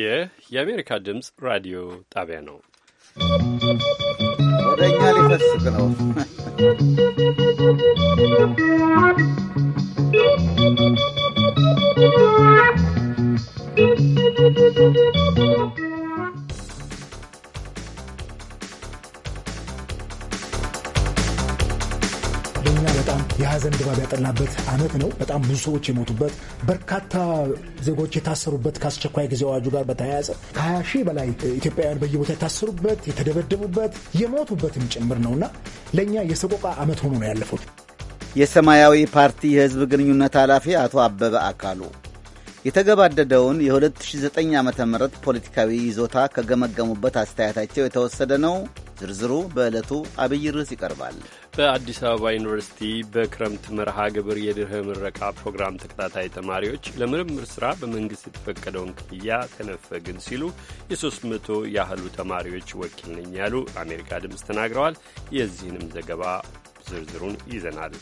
ይህ የአሜሪካ ድምፅ ራዲዮ ጣቢያ ነው። ወደ እኛ ሊፈስቅ ነው። Thank you. በጣም የሀዘን ድባብ ያጠላበት አመት ነው። በጣም ብዙ ሰዎች የሞቱበት፣ በርካታ ዜጎች የታሰሩበት ከአስቸኳይ ጊዜ አዋጁ ጋር በተያያዘ ከ20 ሺህ በላይ ኢትዮጵያውያን በየቦታ የታሰሩበት፣ የተደበደቡበት፣ የሞቱበትም ጭምር እና ለእኛ የሰቆቃ አመት ሆኖ ነው ያለፉት። የሰማያዊ ፓርቲ የህዝብ ግንኙነት ኃላፊ አቶ አበበ አካሉ የተገባደደውን የ2009 ዓ ም ፖለቲካዊ ይዞታ ከገመገሙበት አስተያየታቸው የተወሰደ ነው። ዝርዝሩ በዕለቱ አብይ ርዕስ ይቀርባል። በአዲስ አበባ ዩኒቨርሲቲ በክረምት መርሃ ግብር የድኅረ ምረቃ ፕሮግራም ተከታታይ ተማሪዎች ለምርምር ሥራ በመንግሥት የተፈቀደውን ክፍያ ተነፈግን ሲሉ የሶስት መቶ ያህሉ ተማሪዎች ወኪል ነኝ ያሉ አሜሪካ ድምፅ ተናግረዋል። የዚህንም ዘገባ ዝርዝሩን ይዘናል።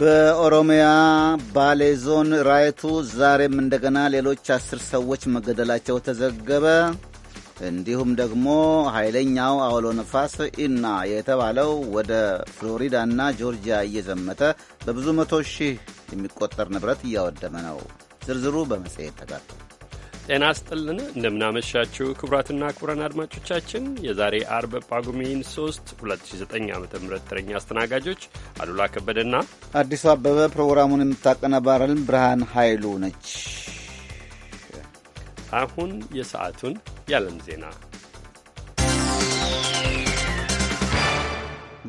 በኦሮሚያ ባሌ ዞን ራይቱ ዛሬም እንደገና ሌሎች አስር ሰዎች መገደላቸው ተዘገበ። እንዲሁም ደግሞ ኃይለኛው አውሎ ነፋስ ኢና የተባለው ወደ ፍሎሪዳና ጆርጂያ እየዘመተ በብዙ መቶ ሺህ የሚቆጠር ንብረት እያወደመ ነው። ዝርዝሩ በመጽሔት ተጋርቷል። ጤና ስጥልን እንደምናመሻችው ክቡራትና ክቡራን አድማጮቻችን የዛሬ አርብ ጳጉሜን 3 2009 ዓ ም ተረኛ አስተናጋጆች አሉላ ከበደና አዲሱ አበበ ፕሮግራሙን የምታቀነባረልን ብርሃን ኃይሉ ነች። አሁን የሰዓቱን የዓለም ዜና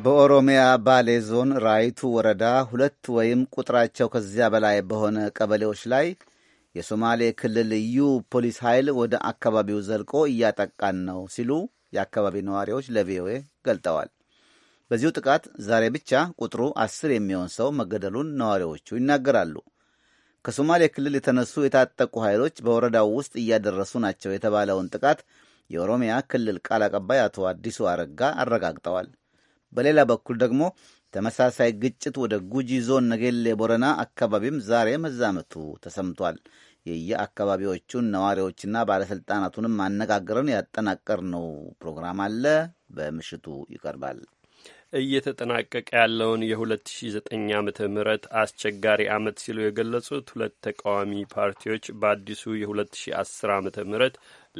በኦሮሚያ ባሌ ዞን ራይቱ ወረዳ ሁለት ወይም ቁጥራቸው ከዚያ በላይ በሆነ ቀበሌዎች ላይ የሶማሌ ክልል ልዩ ፖሊስ ኃይል ወደ አካባቢው ዘልቆ እያጠቃን ነው ሲሉ የአካባቢ ነዋሪዎች ለቪኦኤ ገልጠዋል። በዚሁ ጥቃት ዛሬ ብቻ ቁጥሩ አስር የሚሆን ሰው መገደሉን ነዋሪዎቹ ይናገራሉ። ከሶማሌ ክልል የተነሱ የታጠቁ ኃይሎች በወረዳው ውስጥ እያደረሱ ናቸው የተባለውን ጥቃት የኦሮሚያ ክልል ቃል አቀባይ አቶ አዲሱ አረጋ አረጋግጠዋል። በሌላ በኩል ደግሞ ተመሳሳይ ግጭት ወደ ጉጂ ዞን ነጌሌ ቦረና አካባቢም ዛሬ መዛመቱ ተሰምቷል። የየአካባቢዎቹን ነዋሪዎችና ባለሥልጣናቱንም ማነጋገርን ነው ፕሮግራም አለ፣ በምሽቱ ይቀርባል። እየተጠናቀቀ ያለውን የ2009 ዓ ም አስቸጋሪ ዓመት ሲሉ የገለጹት ሁለት ተቃዋሚ ፓርቲዎች በአዲሱ የ2010 ዓ ም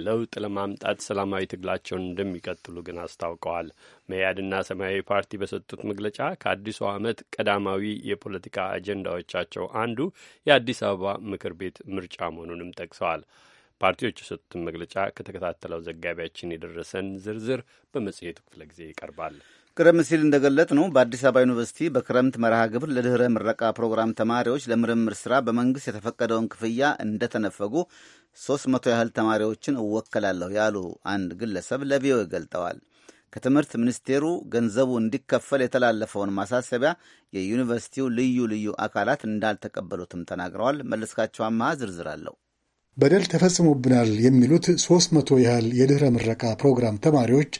ለውጥ ለማምጣት ሰላማዊ ትግላቸውን እንደሚቀጥሉ ግን አስታውቀዋል። መያድና ሰማያዊ ፓርቲ በሰጡት መግለጫ ከአዲሱ ዓመት ቀዳማዊ የፖለቲካ አጀንዳዎቻቸው አንዱ የአዲስ አበባ ምክር ቤት ምርጫ መሆኑንም ጠቅሰዋል። ፓርቲዎች የሰጡትን መግለጫ ከተከታተለው ዘጋቢያችን የደረሰን ዝርዝር በመጽሔቱ ክፍለ ጊዜ ይቀርባል። ቀደም ሲል እንደገለጥ ነው በአዲስ አበባ ዩኒቨርሲቲ በክረምት መርሃ ግብር ለድኅረ ምረቃ ፕሮግራም ተማሪዎች ለምርምር ስራ በመንግስት የተፈቀደውን ክፍያ እንደተነፈጉ ሶስት መቶ ያህል ተማሪዎችን እወከላለሁ ያሉ አንድ ግለሰብ ለቪኦኤ ገልጠዋል። ከትምህርት ሚኒስቴሩ ገንዘቡ እንዲከፈል የተላለፈውን ማሳሰቢያ የዩኒቨርሲቲው ልዩ ልዩ አካላት እንዳልተቀበሉትም ተናግረዋል። መለስካቸው አመሃ ዝርዝር አለው። በደል ተፈጽሞብናል የሚሉት ሦስት መቶ ያህል የድኅረ ምረቃ ፕሮግራም ተማሪዎች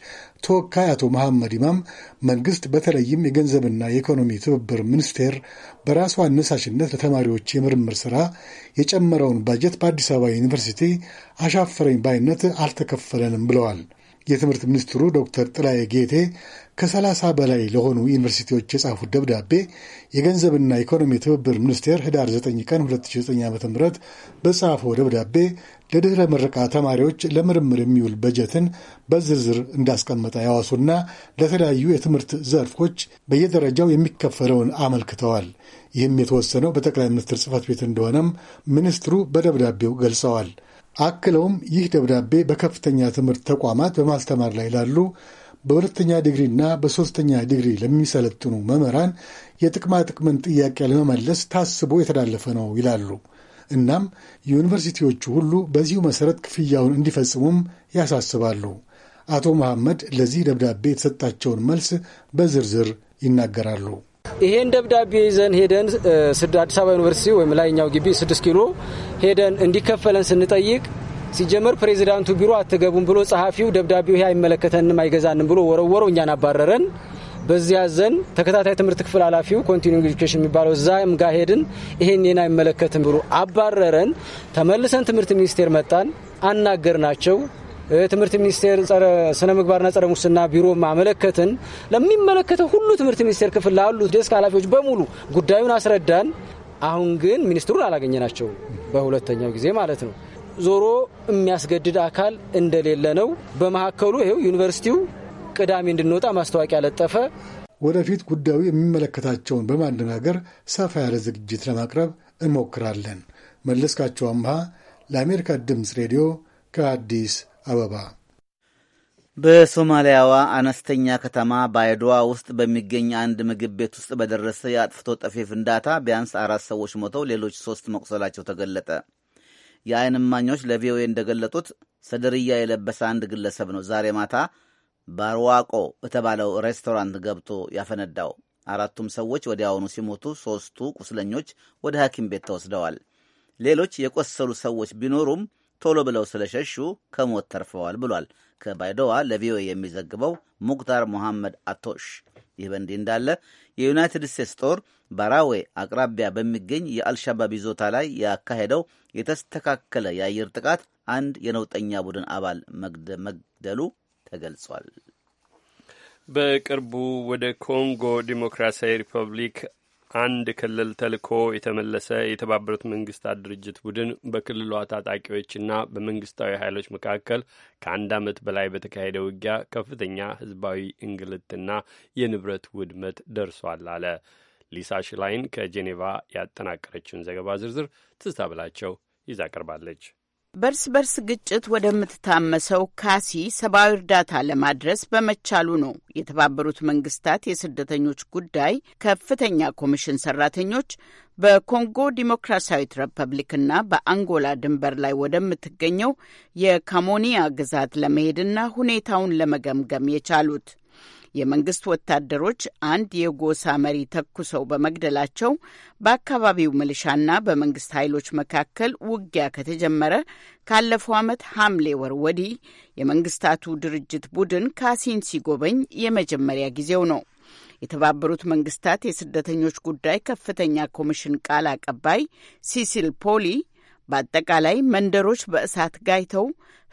ተወካይ አቶ መሐመድ ኢማም መንግሥት በተለይም የገንዘብና የኢኮኖሚ ትብብር ሚኒስቴር በራሱ አነሳሽነት ለተማሪዎች የምርምር ሥራ የጨመረውን ባጀት በአዲስ አበባ ዩኒቨርሲቲ አሻፈረኝ ባይነት አልተከፈለንም ብለዋል። የትምህርት ሚኒስትሩ ዶክተር ጥላዬ ጌቴ ከሰላሳ በላይ ለሆኑ ዩኒቨርሲቲዎች የጻፉት ደብዳቤ የገንዘብና ኢኮኖሚ ትብብር ሚኒስቴር ህዳር 9 ቀን 2009 ዓ ም በጻፈው ደብዳቤ ለድኅረ ምረቃ ተማሪዎች ለምርምር የሚውል በጀትን በዝርዝር እንዳስቀመጠ ያዋሱና ለተለያዩ የትምህርት ዘርፎች በየደረጃው የሚከፈለውን አመልክተዋል። ይህም የተወሰነው በጠቅላይ ሚኒስትር ጽህፈት ቤት እንደሆነም ሚኒስትሩ በደብዳቤው ገልጸዋል። አክለውም ይህ ደብዳቤ በከፍተኛ ትምህርት ተቋማት በማስተማር ላይ ላሉ በሁለተኛ ዲግሪና በሶስተኛ ዲግሪ ለሚሰለጥኑ መምህራን የጥቅማ ጥቅምን ጥያቄ ለመመለስ ታስቦ የተላለፈ ነው ይላሉ። እናም ዩኒቨርሲቲዎቹ ሁሉ በዚሁ መሠረት ክፍያውን እንዲፈጽሙም ያሳስባሉ። አቶ መሐመድ ለዚህ ደብዳቤ የተሰጣቸውን መልስ በዝርዝር ይናገራሉ። ይሄን ደብዳቤ ይዘን ሄደን አዲስ አበባ ዩኒቨርሲቲ ወይም ላይኛው ግቢ ስድስት ኪሎ ሄደን እንዲከፈለን ስንጠይቅ ሲጀመር ፕሬዚዳንቱ ቢሮ አትገቡም ብሎ ጸሐፊው ደብዳቤው ይሄ አይመለከተንም አይገዛንም ብሎ ወረወረው፣ እኛን አባረረን። በዚያ ዘን ተከታታይ ትምህርት ክፍል ኃላፊው ኮንቲኒንግ ኤጁኬሽን የሚባለው እዛም ጋ ሄድን። ይሄን ኔን አይመለከትም ብሎ አባረረን። ተመልሰን ትምህርት ሚኒስቴር መጣን፣ አናገር ናቸው ትምህርት ሚኒስቴር ጸረ ስነ ምግባርና ጸረ ሙስና ቢሮ ማመለከትን ለሚመለከተው ሁሉ ትምህርት ሚኒስቴር ክፍል ላሉት ዴስክ ኃላፊዎች በሙሉ ጉዳዩን አስረዳን። አሁን ግን ሚኒስትሩን አላገኘ ናቸው። በሁለተኛው ጊዜ ማለት ነው። ዞሮ የሚያስገድድ አካል እንደሌለ ነው። በመካከሉ ይኸው ዩኒቨርሲቲው ቅዳሜ እንድንወጣ ማስታወቂያ ለጠፈ። ወደፊት ጉዳዩ የሚመለከታቸውን በማነጋገር ሰፋ ያለ ዝግጅት ለማቅረብ እንሞክራለን። መለስካቸው አምሃ ለአሜሪካ ድምፅ ሬዲዮ ከአዲስ አበባ በሶማሊያዋ አነስተኛ ከተማ ባይዶዋ ውስጥ በሚገኝ አንድ ምግብ ቤት ውስጥ በደረሰ የአጥፍቶ ጠፊ ፍንዳታ ቢያንስ አራት ሰዎች ሞተው ሌሎች ሶስት መቁሰላቸው ተገለጠ። የዓይን እማኞች ለቪኦኤ እንደገለጡት ሰደርያ የለበሰ አንድ ግለሰብ ነው ዛሬ ማታ ባርዋቆ በተባለው ሬስቶራንት ገብቶ ያፈነዳው። አራቱም ሰዎች ወዲያውኑ ሲሞቱ፣ ሶስቱ ቁስለኞች ወደ ሐኪም ቤት ተወስደዋል። ሌሎች የቆሰሉ ሰዎች ቢኖሩም ቶሎ ብለው ስለሸሹ ከሞት ተርፈዋል ብሏል። ከባይዶዋ ለቪኦኤ የሚዘግበው ሙክታር ሞሐመድ አቶሽ። ይህ በእንዲህ እንዳለ የዩናይትድ ስቴትስ ጦር ባራዌ አቅራቢያ በሚገኝ የአልሻባብ ይዞታ ላይ ያካሄደው የተስተካከለ የአየር ጥቃት አንድ የነውጠኛ ቡድን አባል መግደሉ ተገልጿል። በቅርቡ ወደ ኮንጎ ዲሞክራሲያዊ ሪፐብሊክ አንድ ክልል ተልኮ የተመለሰ የተባበሩት መንግስታት ድርጅት ቡድን በክልሏ ታጣቂዎችና በመንግስታዊ ኃይሎች መካከል ከአንድ ዓመት በላይ በተካሄደ ውጊያ ከፍተኛ ህዝባዊ እንግልትና የንብረት ውድመት ደርሷል አለ። ሊሳ ሽላይን ከጄኔቫ ያጠናቀረችውን ዘገባ ዝርዝር ትዝታ ብላቸው ይዛ ቀርባለች። በርስ በርስ ግጭት ወደምትታመሰው ካሲ ሰብአዊ እርዳታ ለማድረስ በመቻሉ ነው የተባበሩት መንግስታት የስደተኞች ጉዳይ ከፍተኛ ኮሚሽን ሰራተኞች በኮንጎ ዲሞክራሲያዊት ሪፐብሊክና በአንጎላ ድንበር ላይ ወደምትገኘው የካሞኒያ ግዛት ለመሄድና ሁኔታውን ለመገምገም የቻሉት። የመንግስት ወታደሮች አንድ የጎሳ መሪ ተኩሰው በመግደላቸው በአካባቢው ምልሻና በመንግስት ኃይሎች መካከል ውጊያ ከተጀመረ ካለፈው ዓመት ሐምሌ ወር ወዲህ የመንግስታቱ ድርጅት ቡድን ካሲን ሲጎበኝ የመጀመሪያ ጊዜው ነው። የተባበሩት መንግስታት የስደተኞች ጉዳይ ከፍተኛ ኮሚሽን ቃል አቀባይ ሲሲል ፖሊ በአጠቃላይ መንደሮች በእሳት ጋይተው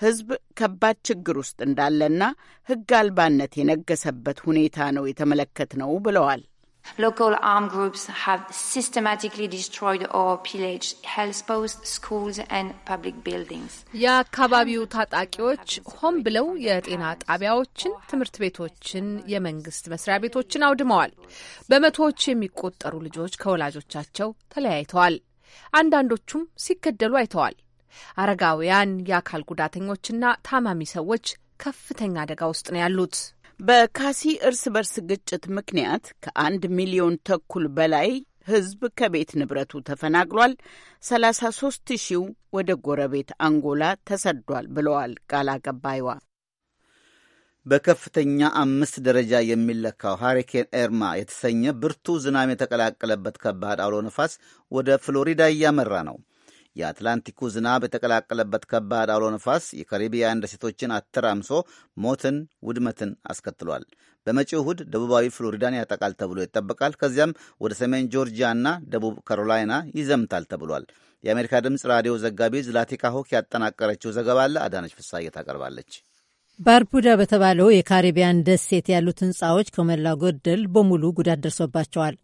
ህዝብ ከባድ ችግር ውስጥ እንዳለና ህግ አልባነት የነገሰበት ሁኔታ ነው የተመለከት ነው ብለዋል። Local armed groups have systematically destroyed or pillaged health posts, schools and public buildings. የአካባቢው ታጣቂዎች ሆን ብለው የጤና ጣቢያዎችን፣ ትምህርት ቤቶችን፣ የመንግስት መስሪያ ቤቶችን አውድመዋል። በመቶዎች የሚቆጠሩ ልጆች ከወላጆቻቸው ተለያይተዋል። አንዳንዶቹም ሲገደሉ አይተዋል። አረጋውያን፣ የአካል ጉዳተኞችና ታማሚ ሰዎች ከፍተኛ አደጋ ውስጥ ነው ያሉት። በካሲ እርስ በርስ ግጭት ምክንያት ከአንድ ሚሊዮን ተኩል በላይ ሕዝብ ከቤት ንብረቱ ተፈናቅሏል። 33 ሺው ወደ ጎረቤት አንጎላ ተሰዷል ብለዋል ቃል አቀባይዋ። በከፍተኛ አምስት ደረጃ የሚለካው ሃሪኬን ኤርማ የተሰኘ ብርቱ ዝናም የተቀላቀለበት ከባድ አውሎ ነፋስ ወደ ፍሎሪዳ እያመራ ነው። የአትላንቲኩ ዝናብ የተቀላቀለበት ከባድ አውሎ ነፋስ የካሪቢያን ደሴቶችን አተራምሶ ሞትን፣ ውድመትን አስከትሏል። በመጪው እሁድ ደቡባዊ ፍሎሪዳን ያጠቃል ተብሎ ይጠበቃል። ከዚያም ወደ ሰሜን ጆርጂያ ና ደቡብ ካሮላይና ይዘምታል ተብሏል። የአሜሪካ ድምፅ ራዲዮ ዘጋቢ ዝላቲካ ሆክ ያጠናቀረችው ዘገባ አለ። አዳነች ፍሳዬ ታቀርባለች። ባርቡዳ በተባለው የካሪቢያን ደሴት ያሉት ህንፃዎች ከሞላ ጎደል በሙሉ ጉዳት ደርሶባቸዋል።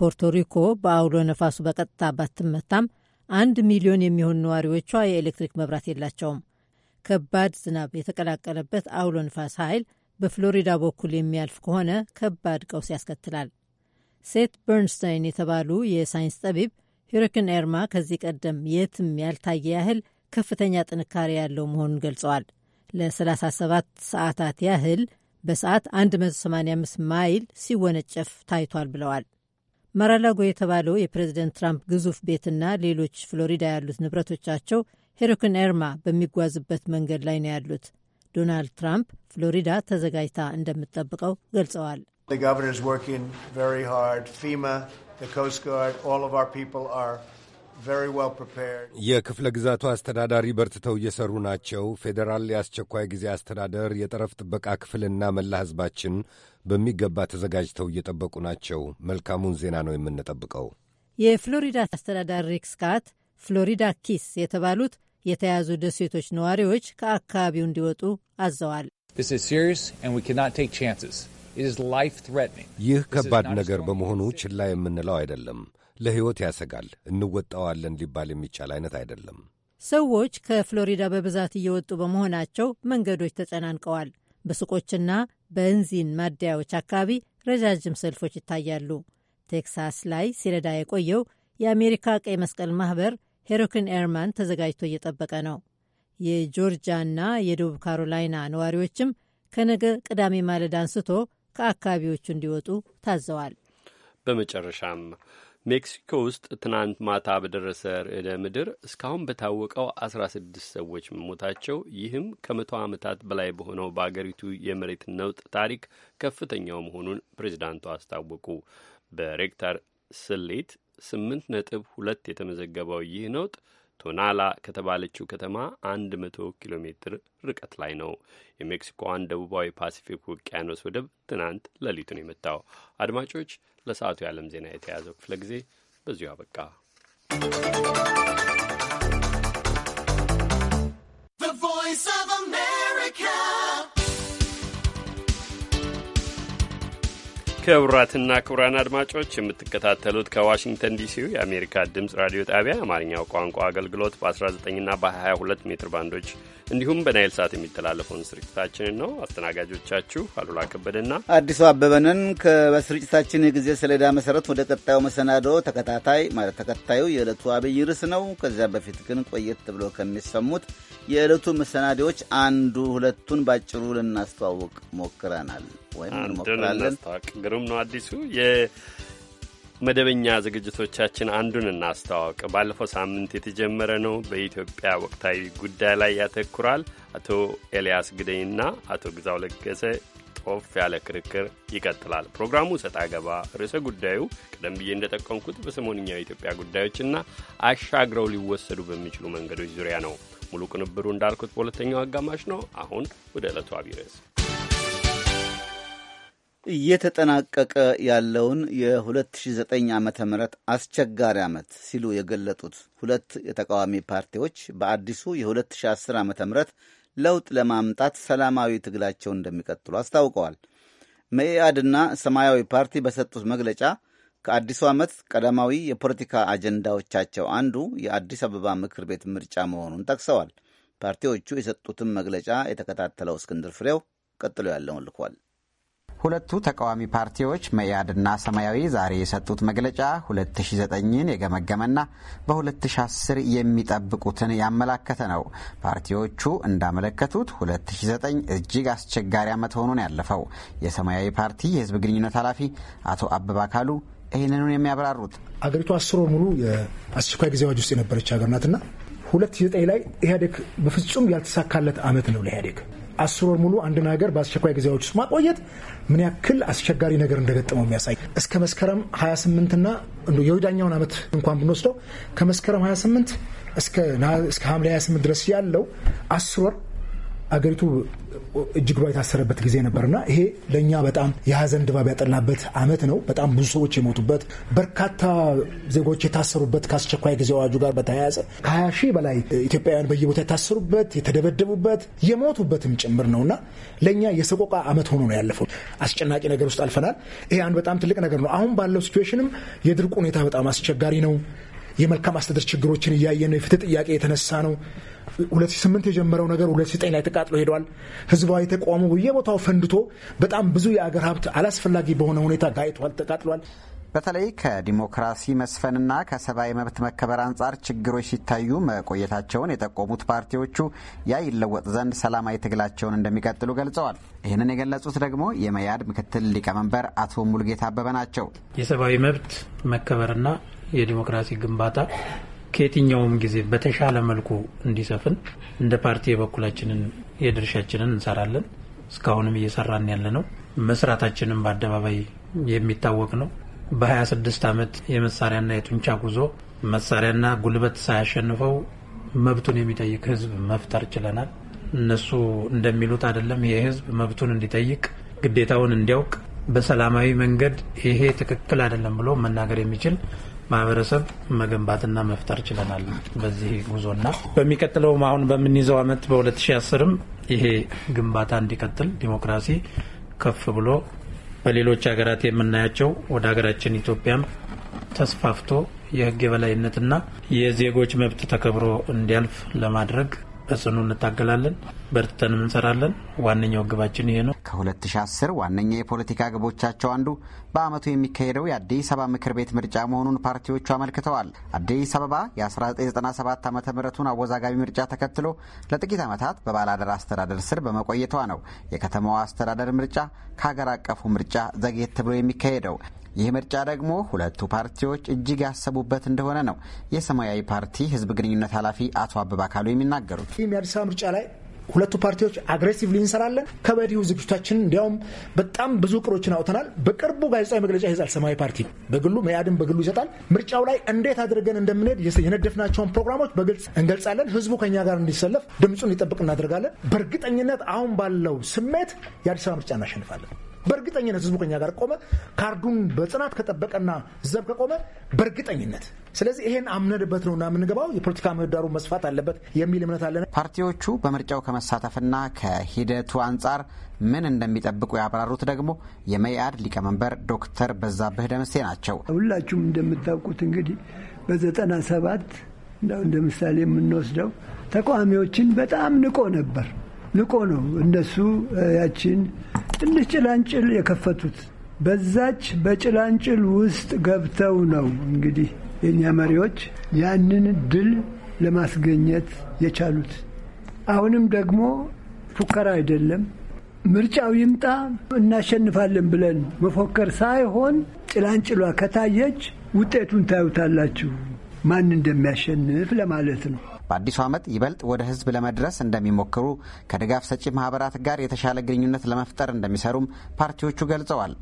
ፖርቶሪኮ በአውሎ ነፋሱ በቀጥታ ባትመታም አንድ ሚሊዮን የሚሆኑ ነዋሪዎቿ የኤሌክትሪክ መብራት የላቸውም። ከባድ ዝናብ የተቀላቀለበት አውሎ ነፋስ ኃይል በፍሎሪዳ በኩል የሚያልፍ ከሆነ ከባድ ቀውስ ያስከትላል። ሴት በርንስታይን የተባሉ የሳይንስ ጠቢብ ሂሪክን ኤርማ ከዚህ ቀደም የትም ያልታየ ያህል ከፍተኛ ጥንካሬ ያለው መሆኑን ገልጸዋል። ለ37 ሰዓታት ያህል በሰዓት 185 ማይል ሲወነጨፍ ታይቷል ብለዋል። ማራላጎ የተባለው የፕሬዝደንት ትራምፕ ግዙፍ ቤትና ሌሎች ፍሎሪዳ ያሉት ንብረቶቻቸው ሄሪኬን ኤርማ በሚጓዝበት መንገድ ላይ ነው ያሉት። ዶናልድ ትራምፕ ፍሎሪዳ ተዘጋጅታ እንደምትጠብቀው ገልጸዋል። የክፍለ ግዛቱ አስተዳዳሪ በርትተው እየሰሩ ናቸው። ፌዴራል የአስቸኳይ ጊዜ አስተዳደር የጠረፍ ጥበቃ ክፍልና መላ ሕዝባችን በሚገባ ተዘጋጅተው እየጠበቁ ናቸው። መልካሙን ዜና ነው የምንጠብቀው። የፍሎሪዳ አስተዳዳሪ ሪክ ስካት ፍሎሪዳ ኪስ የተባሉት የተያዙ ደሴቶች ነዋሪዎች ከአካባቢው እንዲወጡ አዘዋል። ይህ ከባድ ነገር በመሆኑ ችላ የምንለው አይደለም። ለሕይወት ያሰጋል፣ እንወጣዋለን ሊባል የሚቻል አይነት አይደለም። ሰዎች ከፍሎሪዳ በብዛት እየወጡ በመሆናቸው መንገዶች ተጨናንቀዋል። በሱቆችና በንዚን ማደያዎች አካባቢ ረዣዥም ሰልፎች ይታያሉ። ቴክሳስ ላይ ሲረዳ የቆየው የአሜሪካ ቀይ መስቀል ማኅበር ሄሮክን ኤርማን ተዘጋጅቶ እየጠበቀ ነው። የጆርጂያና የደቡብ ካሮላይና ነዋሪዎችም ከነገ ቅዳሜ ማለዳ አንስቶ ከአካባቢዎቹ እንዲወጡ ታዘዋል። በመጨረሻም ሜክሲኮ ውስጥ ትናንት ማታ በደረሰ ርዕደ ምድር እስካሁን በታወቀው አስራ ስድስት ሰዎች መሞታቸው ይህም ከመቶ ዓመታት በላይ በሆነው በአገሪቱ የመሬት ነውጥ ታሪክ ከፍተኛው መሆኑን ፕሬዚዳንቱ አስታወቁ። በሬክተር ስሌት ስምንት ነጥብ ሁለት የተመዘገበው ይህ ነውጥ ቶናላ ከተባለችው ከተማ 100 ኪሎ ሜትር ርቀት ላይ ነው። የሜክሲኮዋን ደቡባዊ ፓሲፊክ ውቅያኖስ ወደብ ትናንት ሌሊቱን የመታው። አድማጮች፣ ለሰዓቱ የዓለም ዜና የተያዘው ክፍለ ጊዜ በዚሁ አበቃ። ክቡራትና ክቡራን አድማጮች የምትከታተሉት ከዋሽንግተን ዲሲው የአሜሪካ ድምፅ ራዲዮ ጣቢያ የአማርኛው ቋንቋ አገልግሎት በ19ና በ22 ሜትር ባንዶች እንዲሁም በናይል ሳት የሚተላለፈውን ስርጭታችንን ነው። አስተናጋጆቻችሁ አሉላ ከበደና አዲሱ አበበንን በስርጭታችን የጊዜ ሰሌዳ መሰረት ወደ ቀጣዩ መሰናዶ ተከታታይ ማለት ተከታዩ የዕለቱ አብይ ርዕስ ነው። ከዚያ በፊት ግን ቆየት ብሎ ከሚሰሙት የዕለቱ መሰናዶዎች አንዱ ሁለቱን ባጭሩ ልናስተዋውቅ ሞክረናል። ወይም እንሞክራለን። ግሩም ነው። አዲሱ የመደበኛ ዝግጅቶቻችን አንዱን እናስተዋወቅ። ባለፈው ሳምንት የተጀመረ ነው። በኢትዮጵያ ወቅታዊ ጉዳይ ላይ ያተኩራል። አቶ ኤልያስ ግደይና አቶ ግዛው ለገሰ ጦፍ ያለ ክርክር ይቀጥላል። ፕሮግራሙ ሰጣ ገባ ርዕሰ ጉዳዩ ቀደም ብዬ እንደጠቀምኩት በሰሞንኛው የኢትዮጵያ ጉዳዮችና አሻግረው ሊወሰዱ በሚችሉ መንገዶች ዙሪያ ነው። ሙሉ ቅንብሩ እንዳልኩት በሁለተኛው አጋማሽ ነው። አሁን ወደ ዕለቱ አብይ ርዕስ እየተጠናቀቀ ያለውን የ2009 ዓ ም አስቸጋሪ ዓመት ሲሉ የገለጡት ሁለት የተቃዋሚ ፓርቲዎች በአዲሱ የ2010 ዓ ም ለውጥ ለማምጣት ሰላማዊ ትግላቸውን እንደሚቀጥሉ አስታውቀዋል። መኢአድና ሰማያዊ ፓርቲ በሰጡት መግለጫ ከአዲሱ ዓመት ቀዳማዊ የፖለቲካ አጀንዳዎቻቸው አንዱ የአዲስ አበባ ምክር ቤት ምርጫ መሆኑን ጠቅሰዋል። ፓርቲዎቹ የሰጡትን መግለጫ የተከታተለው እስክንድር ፍሬው ቀጥሎ ያለውን ልኳል። ሁለቱ ተቃዋሚ ፓርቲዎች መኢአድና ሰማያዊ ዛሬ የሰጡት መግለጫ 2009ን የገመገመና በ2010 የሚጠብቁትን ያመላከተ ነው። ፓርቲዎቹ እንዳመለከቱት 2009 እጅግ አስቸጋሪ ዓመት ሆኖን ያለፈው። የሰማያዊ ፓርቲ የህዝብ ግንኙነት ኃላፊ አቶ አበባ ካሉ ይህንኑን የሚያብራሩት አገሪቱ አስር ሙሉ የአስቸኳይ ጊዜ አዋጅ ውስጥ የነበረች ሀገር ናትና 2009 ላይ ኢህአዴግ በፍጹም ያልተሳካለት ዓመት ነው ለኢህአዴግ አስር ወር ሙሉ አንድን ሀገር በአስቸኳይ ጊዜዎች ውስጥ ማቆየት ምን ያክል አስቸጋሪ ነገር እንደገጠመው የሚያሳይ እስከ መስከረም 28ና የወዳኛውን ዓመት እንኳን ብንወስደው ከመስከረም 28 እስከ ሐምሌ 28 ድረስ ያለው አስር ወር አገሪቱ እጅግ የታሰረበት ጊዜ ነበርና ይሄ ለእኛ በጣም የሀዘን ድባብ ያጠላበት አመት ነው። በጣም ብዙ ሰዎች የሞቱበት፣ በርካታ ዜጎች የታሰሩበት ከአስቸኳይ ጊዜ አዋጁ ጋር በተያያዘ ከሀያ ሺህ በላይ ኢትዮጵያውያን በየቦታ የታሰሩበት፣ የተደበደቡበት የሞቱበትም ጭምር እና ለእኛ የሰቆቃ አመት ሆኖ ነው ያለፈው። አስጨናቂ ነገር ውስጥ አልፈናል። ይሄ አንድ በጣም ትልቅ ነገር ነው። አሁን ባለው ሲትዌሽንም የድርቅ ሁኔታ በጣም አስቸጋሪ ነው። የመልካም አስተዳደር ችግሮችን እያየ ነው። የፍትህ ጥያቄ የተነሳ ነው። 2008 የጀመረው ነገር 2009 ላይ ተቃጥሎ ሄዷል። ህዝባዊ ተቋሙ በየቦታው ፈንድቶ በጣም ብዙ የአገር ሀብት አላስፈላጊ በሆነ ሁኔታ ጋይቷል፣ ተቃጥሏል። በተለይ ከዲሞክራሲ መስፈንና ከሰብአዊ መብት መከበር አንጻር ችግሮች ሲታዩ መቆየታቸውን የጠቆሙት ፓርቲዎቹ ያ ይለወጥ ዘንድ ሰላማዊ ትግላቸውን እንደሚቀጥሉ ገልጸዋል። ይህንን የገለጹት ደግሞ የመያድ ምክትል ሊቀመንበር አቶ ሙልጌታ አበበ ናቸው። የሰብአዊ መብት መከበርና የዲሞክራሲ ግንባታ ከየትኛውም ጊዜ በተሻለ መልኩ እንዲሰፍን እንደ ፓርቲ የበኩላችንን የድርሻችንን እንሰራለን። እስካሁንም እየሰራን ያለ ነው። መስራታችንም በአደባባይ የሚታወቅ ነው። በ26 ዓመት የመሳሪያና የጡንቻ ጉዞ መሳሪያና ጉልበት ሳያሸንፈው መብቱን የሚጠይቅ ህዝብ መፍጠር ችለናል። እነሱ እንደሚሉት አይደለም። ይሄ ህዝብ መብቱን እንዲጠይቅ ግዴታውን እንዲያውቅ በሰላማዊ መንገድ ይሄ ትክክል አይደለም ብሎ መናገር የሚችል ማህበረሰብ መገንባትና መፍጠር ችለናል በዚህ ጉዞና በሚቀጥለውም አሁን በምንይዘው አመት በ2010ም ይሄ ግንባታ እንዲቀጥል ዲሞክራሲ ከፍ ብሎ በሌሎች ሀገራት የምናያቸው ወደ ሀገራችን ኢትዮጵያም ተስፋፍቶ የህግ የበላይነትና የዜጎች መብት ተከብሮ እንዲያልፍ ለማድረግ በጽኑ እንታገላለን። በርትተን እንሰራለን። ዋነኛው ግባችን ይሄ ነው። ከ2010 ዋነኛ የፖለቲካ ግቦቻቸው አንዱ በአመቱ የሚካሄደው የአዲስ አበባ ምክር ቤት ምርጫ መሆኑን ፓርቲዎቹ አመልክተዋል። አዲስ አበባ የ1997 ዓ ምቱን አወዛጋቢ ምርጫ ተከትሎ ለጥቂት ዓመታት በባለአደራ አስተዳደር ስር በመቆየቷ ነው የከተማዋ አስተዳደር ምርጫ ከሀገር አቀፉ ምርጫ ዘግየት ብሎ የሚካሄደው። ይህ ምርጫ ደግሞ ሁለቱ ፓርቲዎች እጅግ ያሰቡበት እንደሆነ ነው የሰማያዊ ፓርቲ ህዝብ ግንኙነት ኃላፊ አቶ አበባ ካሉ የሚናገሩት። ይህም የአዲስ አበባ ምርጫ ላይ ሁለቱ ፓርቲዎች አግሬሲቭሊ እንሰራለን ከበዲሁ ዝግጅቶችን እንዲያውም በጣም ብዙ ቅሮችን አውተናል። በቅርቡ ጋዜጣዊ መግለጫ ይዛል ሰማያዊ ፓርቲ በግሉ መያድን በግሉ ይሰጣል። ምርጫው ላይ እንዴት አድርገን እንደምንሄድ የነደፍናቸውን ፕሮግራሞች በግልጽ እንገልጻለን። ህዝቡ ከኛ ጋር እንዲሰለፍ ድምፁን እንዲጠብቅ እናደርጋለን። በእርግጠኝነት አሁን ባለው ስሜት የአዲስ አበባ ምርጫ እናሸንፋለን። በእርግጠኝነት ህዝቡ ከኛ ጋር ቆመ። ካርዱን በጽናት ከጠበቀና ዘብ ከቆመ በእርግጠኝነት ስለዚህ ይሄን አምነንበት ነውና የምንገባው የፖለቲካ ምህዳሩ መስፋት አለበት የሚል እምነት አለን። ፓርቲዎቹ በምርጫው ከመሳተፍና ከሂደቱ አንጻር ምን እንደሚጠብቁ ያብራሩት ደግሞ የመኢአድ ሊቀመንበር ዶክተር በዛብህ ደምሴ ናቸው። ሁላችሁም እንደምታውቁት እንግዲህ በዘጠና ሰባት እንደ ምሳሌ የምንወስደው ተቃዋሚዎችን በጣም ንቆ ነበር ልቆ ነው እነሱ ያችን ትንሽ ጭላንጭል የከፈቱት። በዛች በጭላንጭል ውስጥ ገብተው ነው እንግዲህ የእኛ መሪዎች ያንን ድል ለማስገኘት የቻሉት። አሁንም ደግሞ ፉከራ አይደለም፣ ምርጫው ይምጣ እናሸንፋለን ብለን መፎከር ሳይሆን ጭላንጭሏ ከታየች ውጤቱን ታዩታላችሁ ማን እንደሚያሸንፍ ለማለት ነው። በአዲሱ ዓመት ይበልጥ ወደ ህዝብ ለመድረስ እንደሚሞክሩ፣ ከድጋፍ ሰጪ ማህበራት ጋር የተሻለ ግንኙነት ለመፍጠር እንደሚሰሩም ፓርቲዎቹ ገልጸዋል።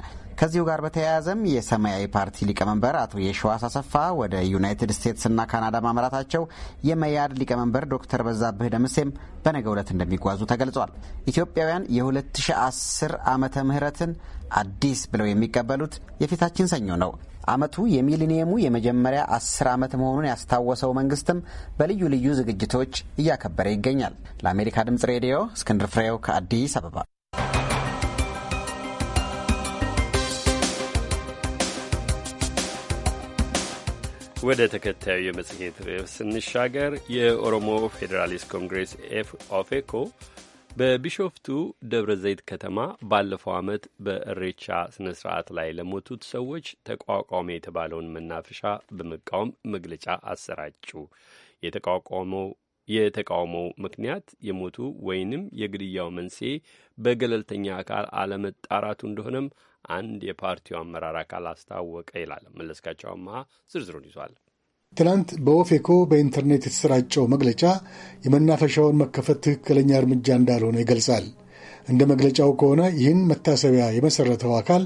ከዚሁ ጋር በተያያዘም የሰማያዊ ፓርቲ ሊቀመንበር አቶ የሸዋስ አሰፋ ወደ ዩናይትድ ስቴትስና ካናዳ ማምራታቸው የመያድ ሊቀመንበር ዶክተር በዛብህ ደምሴም በነገ ዕለት እንደሚጓዙ ተገልጿል። ኢትዮጵያውያን የ2010 ዓመተ ምህረትን አዲስ ብለው የሚቀበሉት የፊታችን ሰኞ ነው። ዓመቱ የሚሊኒየሙ የመጀመሪያ አስር ዓመት መሆኑን ያስታወሰው መንግስትም በልዩ ልዩ ዝግጅቶች እያከበረ ይገኛል። ለአሜሪካ ድምፅ ሬዲዮ እስክንድር ፍሬው ከአዲስ አበባ። ወደ ተከታዩ የመጽሔት ርዕስ ስንሻገር የኦሮሞ ፌዴራሊስት ኮንግሬስ ኦፌኮ በቢሾፍቱ ደብረ ዘይት ከተማ ባለፈው ዓመት በእሬቻ ስነ ስርዓት ላይ ለሞቱት ሰዎች ተቋቋመ የተባለውን መናፈሻ በመቃወም መግለጫ አሰራጩ። የተቃውሞው ምክንያት የሞቱ ወይንም የግድያው መንስኤ በገለልተኛ አካል አለመጣራቱ እንደሆነም አንድ የፓርቲው አመራር አካል አስታወቀ ይላል። መለስካቸው አመሃ ዝርዝሩን ይዟል። ትናንት በኦፌኮ በኢንተርኔት የተሰራጨው መግለጫ የመናፈሻውን መከፈት ትክክለኛ እርምጃ እንዳልሆነ ይገልጻል። እንደ መግለጫው ከሆነ ይህን መታሰቢያ የመሠረተው አካል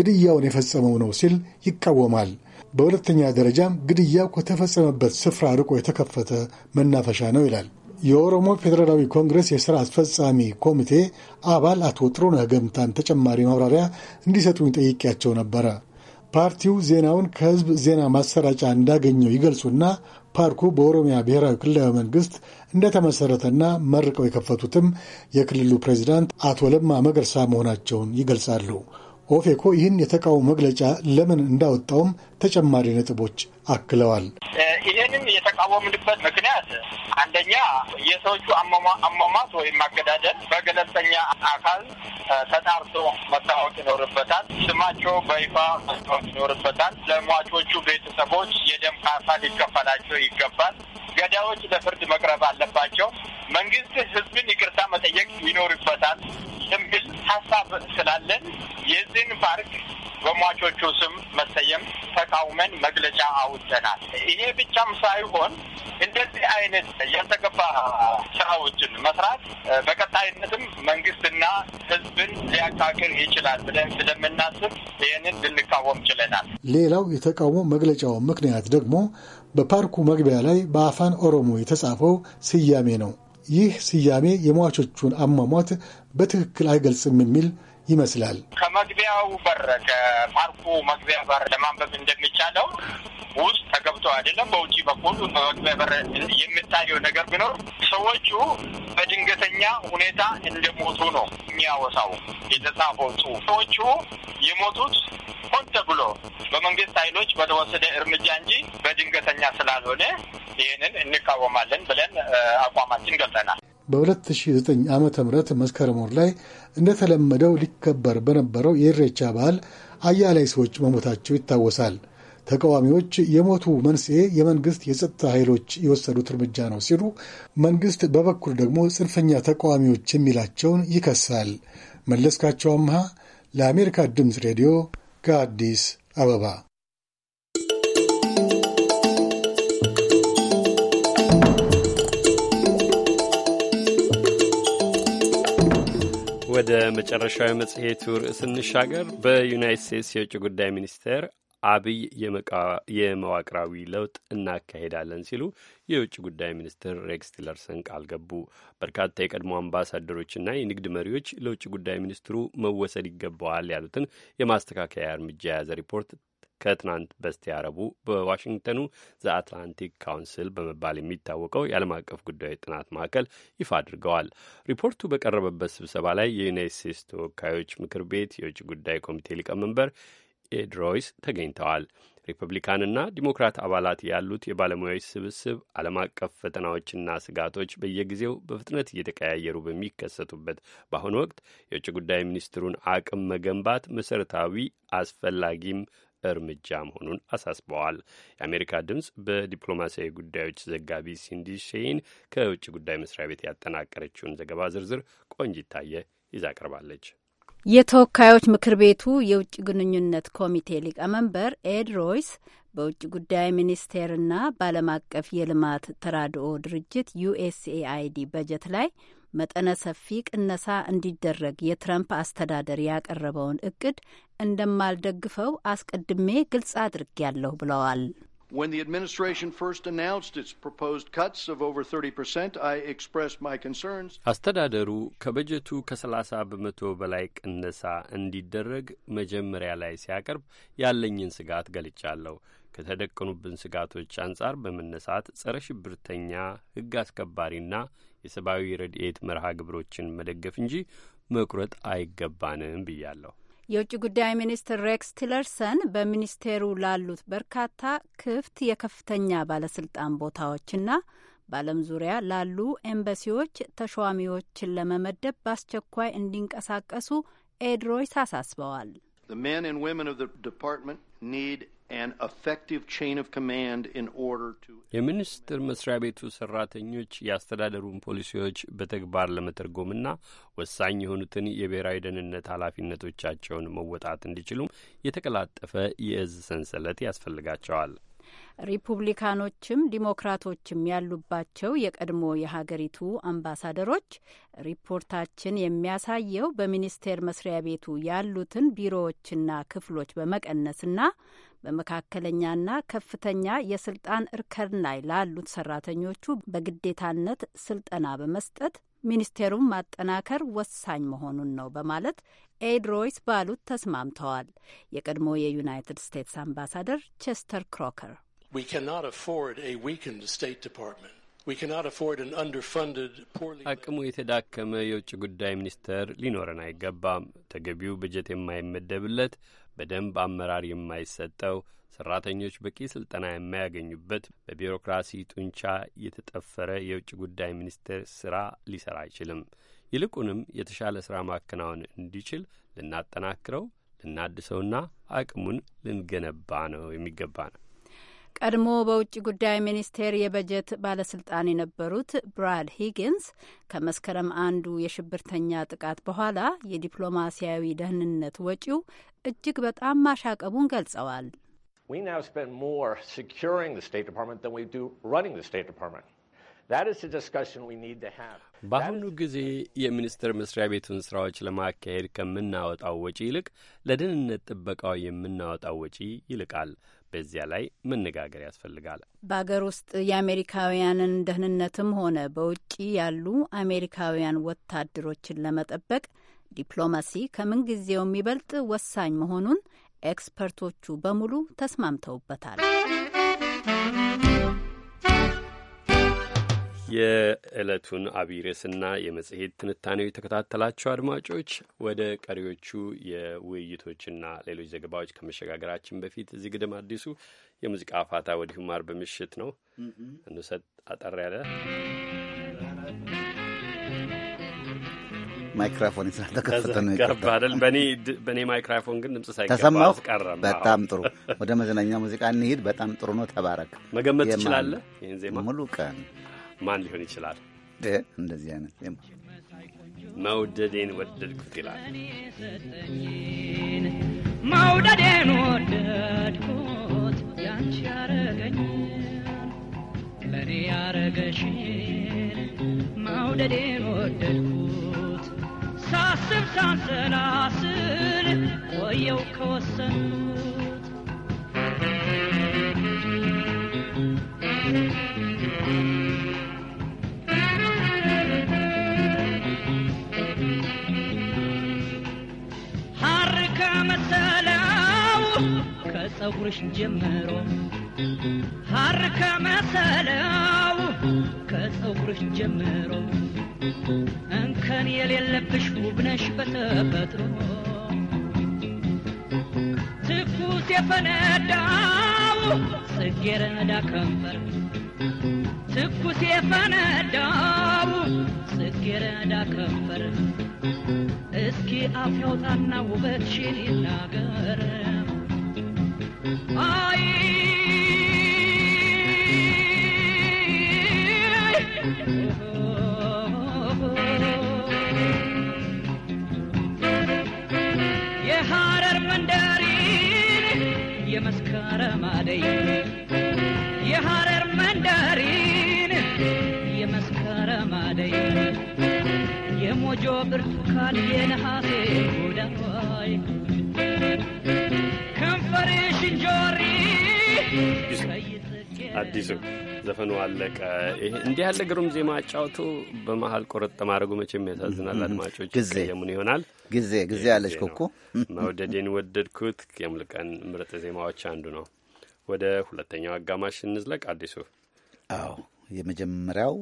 ግድያውን የፈጸመው ነው ሲል ይቃወማል። በሁለተኛ ደረጃም ግድያው ከተፈጸመበት ስፍራ ርቆ የተከፈተ መናፈሻ ነው ይላል። የኦሮሞ ፌዴራላዊ ኮንግረስ የሥራ አስፈጻሚ ኮሚቴ አባል አቶ ጥሩነህ ገምታን ተጨማሪ ማብራሪያ እንዲሰጡኝ ጠይቄያቸው ነበረ። ፓርቲው ዜናውን ከህዝብ ዜና ማሰራጫ እንዳገኘው ይገልጹና ፓርኩ በኦሮሚያ ብሔራዊ ክልላዊ መንግስት እንደተመሰረተና መርቀው የከፈቱትም የክልሉ ፕሬዚዳንት አቶ ለማ መገርሳ መሆናቸውን ይገልጻሉ። ኦፌኮ ይህን የተቃውሞ መግለጫ ለምን እንዳወጣውም ተጨማሪ ነጥቦች አክለዋል። ይህንን የተቃወምንበት ምክንያት አንደኛ የሰዎቹ አሟሟት ወይም አገዳደል በገለልተኛ አካል ተጣርቶ መታወቅ ይኖርበታል። ስማቸው በይፋ መታወቅ ይኖርበታል። ለሟቾቹ ቤተሰቦች የደም ካሳ ሊከፈላቸው ይገባል። ገዳዮች ለፍርድ መቅረብ አለባቸው። መንግስት ህዝብን ይቅርታ መጠየቅ ይኖርበታል የሚል ሀሳብ ስላለን የዚህን ፓርክ በሟቾቹ ስም መሰየም ተቃውመን መግለጫ አውጥተናል። ይሄ ብቻም ሳይሆን እንደዚህ አይነት ያልተገባ ስራዎችን መስራት በቀጣይነትም መንግስትና ህዝብን ሊያካክር ይችላል ብለን ስለምናስብ ይህንን ልንቃወም ችለናል። ሌላው የተቃውሞ መግለጫው ምክንያት ደግሞ በፓርኩ መግቢያ ላይ በአፋን ኦሮሞ የተጻፈው ስያሜ ነው። ይህ ስያሜ የሟቾቹን አሟሟት በትክክል አይገልጽም የሚል ይመስላል። ከመግቢያው በር ከፓርኩ መግቢያ በር ለማንበብ እንደሚቻለው ውስጥ ተገብቶ አይደለም። በውጭ በኩል በመግቢያ በር የምታየው ነገር ቢኖር ሰዎቹ በድንገተኛ ሁኔታ እንደሞቱ ነው የሚያወሳው የተጻፈው ጽሁፍ። ሰዎቹ የሞቱት ሆን ተብሎ በመንግስት ኃይሎች በተወሰደ እርምጃ እንጂ በድንገተኛ ስላልሆነ ይህንን እንቃወማለን ብለን አቋማችን ገልጠናል በ በ2009 ዓ ም መስከረም ወር ላይ እንደተለመደው ሊከበር በነበረው የኢሬቻ በዓል አያሌ ሰዎች መሞታቸው ይታወሳል። ተቃዋሚዎች የሞቱ መንስኤ የመንግስት የጸጥታ ኃይሎች የወሰዱት እርምጃ ነው ሲሉ፣ መንግስት በበኩል ደግሞ ጽንፈኛ ተቃዋሚዎች የሚላቸውን ይከሳል። መለስካቸው አምሃ ለአሜሪካ ድምፅ ሬዲዮ ከአዲስ አበባ ወደ መጨረሻዊ መጽሔቱ ርዕስ እንሻገር። በዩናይት ስቴትስ የውጭ ጉዳይ ሚኒስቴር አብይ የመዋቅራዊ ለውጥ እናካሄዳለን ሲሉ የውጭ ጉዳይ ሚኒስትር ሬክስ ቲለርሰን ቃል ገቡ። በርካታ የቀድሞ አምባሳደሮችና የንግድ መሪዎች ለውጭ ጉዳይ ሚኒስትሩ መወሰድ ይገባዋል ያሉትን የማስተካከያ እርምጃ የያዘ ሪፖርት ከትናንት በስቲያ ረቡዕ በዋሽንግተኑ ዘ አትላንቲክ ካውንስል በመባል የሚታወቀው የዓለም አቀፍ ጉዳዮች ጥናት ማዕከል ይፋ አድርገዋል። ሪፖርቱ በቀረበበት ስብሰባ ላይ የዩናይት ስቴትስ ተወካዮች ምክር ቤት የውጭ ጉዳይ ኮሚቴ ሊቀመንበር ኤድ ሮይስ ተገኝተዋል። ሪፐብሊካንና ዲሞክራት አባላት ያሉት የባለሙያዎች ስብስብ ዓለም አቀፍ ፈተናዎችና ስጋቶች በየጊዜው በፍጥነት እየተቀያየሩ በሚከሰቱበት በአሁኑ ወቅት የውጭ ጉዳይ ሚኒስትሩን አቅም መገንባት መሰረታዊ አስፈላጊም እርምጃ መሆኑን አሳስበዋል። የአሜሪካ ድምፅ በዲፕሎማሲያዊ ጉዳዮች ዘጋቢ ሲንዲ ሼይን ከውጭ ጉዳይ መስሪያ ቤት ያጠናቀረችውን ዘገባ ዝርዝር ቆንጅታየ ይዛ ቀርባለች። የተወካዮች ምክር ቤቱ የውጭ ግንኙነት ኮሚቴ ሊቀመንበር ኤድ ሮይስ በውጭ ጉዳይ ሚኒስቴርና በዓለም አቀፍ የልማት ተራድኦ ድርጅት ዩኤስኤአይዲ በጀት ላይ መጠነ ሰፊ ቅነሳ እንዲደረግ የትረምፕ አስተዳደር ያቀረበውን እቅድ እንደማልደግፈው አስቀድሜ ግልጽ አድርጌያለሁ ብለዋል። When the administration first announced its proposed cuts of over 30%, I expressed my concerns. አስተዳደሩ ከበጀቱ ከ30 በመቶ በላይ ቅነሳ እንዲደረግ መጀመሪያ ላይ ሲያቀርብ ያለኝን ስጋት ገልጫለሁ። ከተደቀኑብን ስጋቶች አንጻር በመነሳት ጸረ ሽብርተኛ ህግ አስከባሪና የሰብአዊ ረድኤት መርሃ ግብሮችን መደገፍ እንጂ መቁረጥ አይገባንም ብያለሁ። የውጭ ጉዳይ ሚኒስትር ሬክስ ቲለርሰን በሚኒስቴሩ ላሉት በርካታ ክፍት የከፍተኛ ባለስልጣን ቦታዎችና በዓለም ዙሪያ ላሉ ኤምባሲዎች ተሿሚዎችን ለመመደብ በአስቸኳይ እንዲንቀሳቀሱ ኤድሮይስ አሳስበዋል። The men and women of the department need የሚኒስቴር መስሪያ ቤቱ ሰራተኞች የአስተዳደሩን ፖሊሲዎች በተግባር ለመተርጎምና ወሳኝ የሆኑትን የብሔራዊ ደህንነት ኃላፊነቶቻቸውን መወጣት እንዲችሉም የተቀላጠፈ የእዝ ሰንሰለት ያስፈልጋቸዋል። ሪፑብሊካኖችም ዲሞክራቶችም ያሉባቸው የቀድሞ የሀገሪቱ አምባሳደሮች ሪፖርታችን የሚያሳየው በሚኒስቴር መስሪያ ቤቱ ያሉትን ቢሮዎችና ክፍሎች በመቀነስና በመካከለኛና ከፍተኛ የስልጣን እርከን ላይ ላሉት ሰራተኞቹ በግዴታነት ስልጠና በመስጠት ሚኒስቴሩን ማጠናከር ወሳኝ መሆኑን ነው በማለት ኤድ ሮይስ ባሉት ተስማምተዋል። የቀድሞ የዩናይትድ ስቴትስ አምባሳደር ቸስተር ክሮከር አቅሙ የተዳከመ የውጭ ጉዳይ ሚኒስቴር ሊኖረን አይገባም። ተገቢው በጀት የማይመደብለት፣ በደንብ አመራር የማይሰጠው፣ ሰራተኞች በቂ ስልጠና የማያገኙበት፣ በቢሮክራሲ ጡንቻ የተጠፈረ የውጭ ጉዳይ ሚኒስቴር ስራ ሊሰራ አይችልም። ይልቁንም የተሻለ ስራ ማከናወን እንዲችል ልናጠናክረው ልናድሰውና አቅሙን ልንገነባ ነው የሚገባ ነው። ቀድሞ በውጭ ጉዳይ ሚኒስቴር የበጀት ባለስልጣን የነበሩት ብራድ ሂጊንስ ከመስከረም አንዱ የሽብርተኛ ጥቃት በኋላ የዲፕሎማሲያዊ ደህንነት ወጪው እጅግ በጣም ማሻቀቡን ገልጸዋል። በአሁኑ ጊዜ የሚኒስቴር መስሪያ ቤቱን ስራዎች ለማካሄድ ከምናወጣው ወጪ ይልቅ ለደህንነት ጥበቃው የምናወጣው ወጪ ይልቃል። በዚያ ላይ መነጋገር ያስፈልጋል። በአገር ውስጥ የአሜሪካውያንን ደህንነትም ሆነ በውጭ ያሉ አሜሪካውያን ወታደሮችን ለመጠበቅ ዲፕሎማሲ ከምንጊዜው የሚበልጥ ወሳኝ መሆኑን ኤክስፐርቶቹ በሙሉ ተስማምተውበታል። የዕለቱን አብይ የመጽሔት ትንታኔው የተከታተላቸው አድማጮች፣ ወደ ቀሪዎቹ የውይይቶችና ሌሎች ዘገባዎች ከመሸጋገራችን በፊት እዚህ ግድም አዲሱ የሙዚቃ ፋታ ወዲሁ ማር በምሽት ነው እንሰጥ አጠር ያለ ማይክራፎን ስላልተከፈተ ነው ይቀባል። በእኔ ማይክራፎን ግን ድምፅ ሳይገባ ተሰማሁ። በጣም ጥሩ። ወደ መዝናኛ ሙዚቃ እንሂድ። በጣም ጥሩ ነው። ተባረክ። መገመት ትችላለህ ይህን ዜማ ሙሉ ቀን ማን ሊሆን ይችላል? እንደዚህ አይነት መውደዴን ወደድኩት ይላል። መውደዴን ወደድኩት ያንቺ ያረገኝ ለእኔ ያረገሽ መውደዴን ወደድኩት ሳስብ ሳንሰላስል ቆየው you. ከመሰለው ከፀጉርሽ ጀምሮ ሐር ከመሰለው ከፀጉርሽ ጀምሮ እንከን የሌለብሽ ውብነሽ በተፈጥሮ ትኩስ የፈነዳው ጽጌረዳ ከንፈር ትኩስ የፈነዳው ጽጌረዳ ከንፈር እስኪ አፍ ያውጣና ውበትሽን ይናገር አይ የሐረር መንደሪን የመስከረም አደይ የሐረር መንደሪን የመስከረም አደይ የሞጆ ብርቱካን የነሐሴ ጉዳይ ከንፈርሽ እንጆሪ አዲሱ ዘፈኑ አለቀ። እንዲህ ያለ ግሩም ዜማ አጫውቶ በመሀል ቆረጥ ማድረጉ መቼም ያሳዝናል። አድማጮች ጊዜ ቀየሙን ይሆናል። ጊዜ ጊዜ አለች ኮኮ መውደዴን ወደድኩት የሙልቀን ምርጥ ዜማዎች አንዱ ነው። ወደ ሁለተኛው አጋማሽ እንዝለቅ። አዲሱ አዎ የመጀመሪያው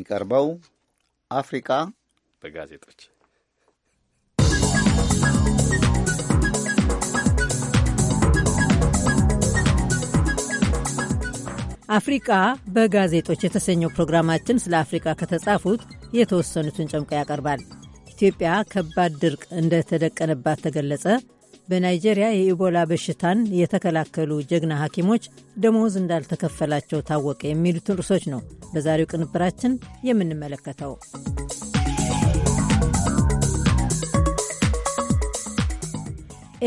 የሚቀርበው አፍሪቃ በጋዜጦች አፍሪቃ በጋዜጦች የተሰኘው ፕሮግራማችን ስለ አፍሪቃ ከተጻፉት የተወሰኑትን ጨምቆ ያቀርባል። ኢትዮጵያ ከባድ ድርቅ እንደተደቀነባት ተገለጸ፣ በናይጄሪያ የኢቦላ በሽታን የተከላከሉ ጀግና ሐኪሞች ደሞዝ እንዳልተከፈላቸው ታወቀ፣ የሚሉትን ርዕሶች ነው በዛሬው ቅንብራችን የምንመለከተው።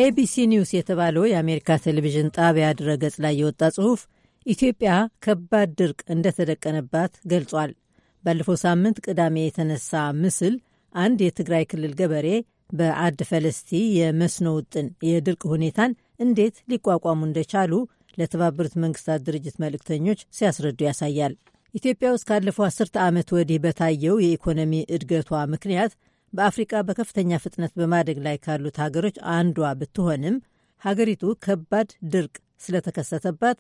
ኤቢሲ ኒውስ የተባለው የአሜሪካ ቴሌቪዥን ጣቢያ ድረገጽ ላይ የወጣ ጽሑፍ ኢትዮጵያ ከባድ ድርቅ እንደተደቀነባት ገልጿል። ባለፈው ሳምንት ቅዳሜ የተነሳ ምስል አንድ የትግራይ ክልል ገበሬ በአድ ፈለስቲ የመስኖ ውጥን የድርቅ ሁኔታን እንዴት ሊቋቋሙ እንደቻሉ ለተባበሩት መንግስታት ድርጅት መልእክተኞች ሲያስረዱ ያሳያል። ኢትዮጵያ ውስጥ ካለፈው አስርተ ዓመት ወዲህ በታየው የኢኮኖሚ እድገቷ ምክንያት በአፍሪቃ በከፍተኛ ፍጥነት በማደግ ላይ ካሉት ሀገሮች አንዷ ብትሆንም ሀገሪቱ ከባድ ድርቅ ስለተከሰተባት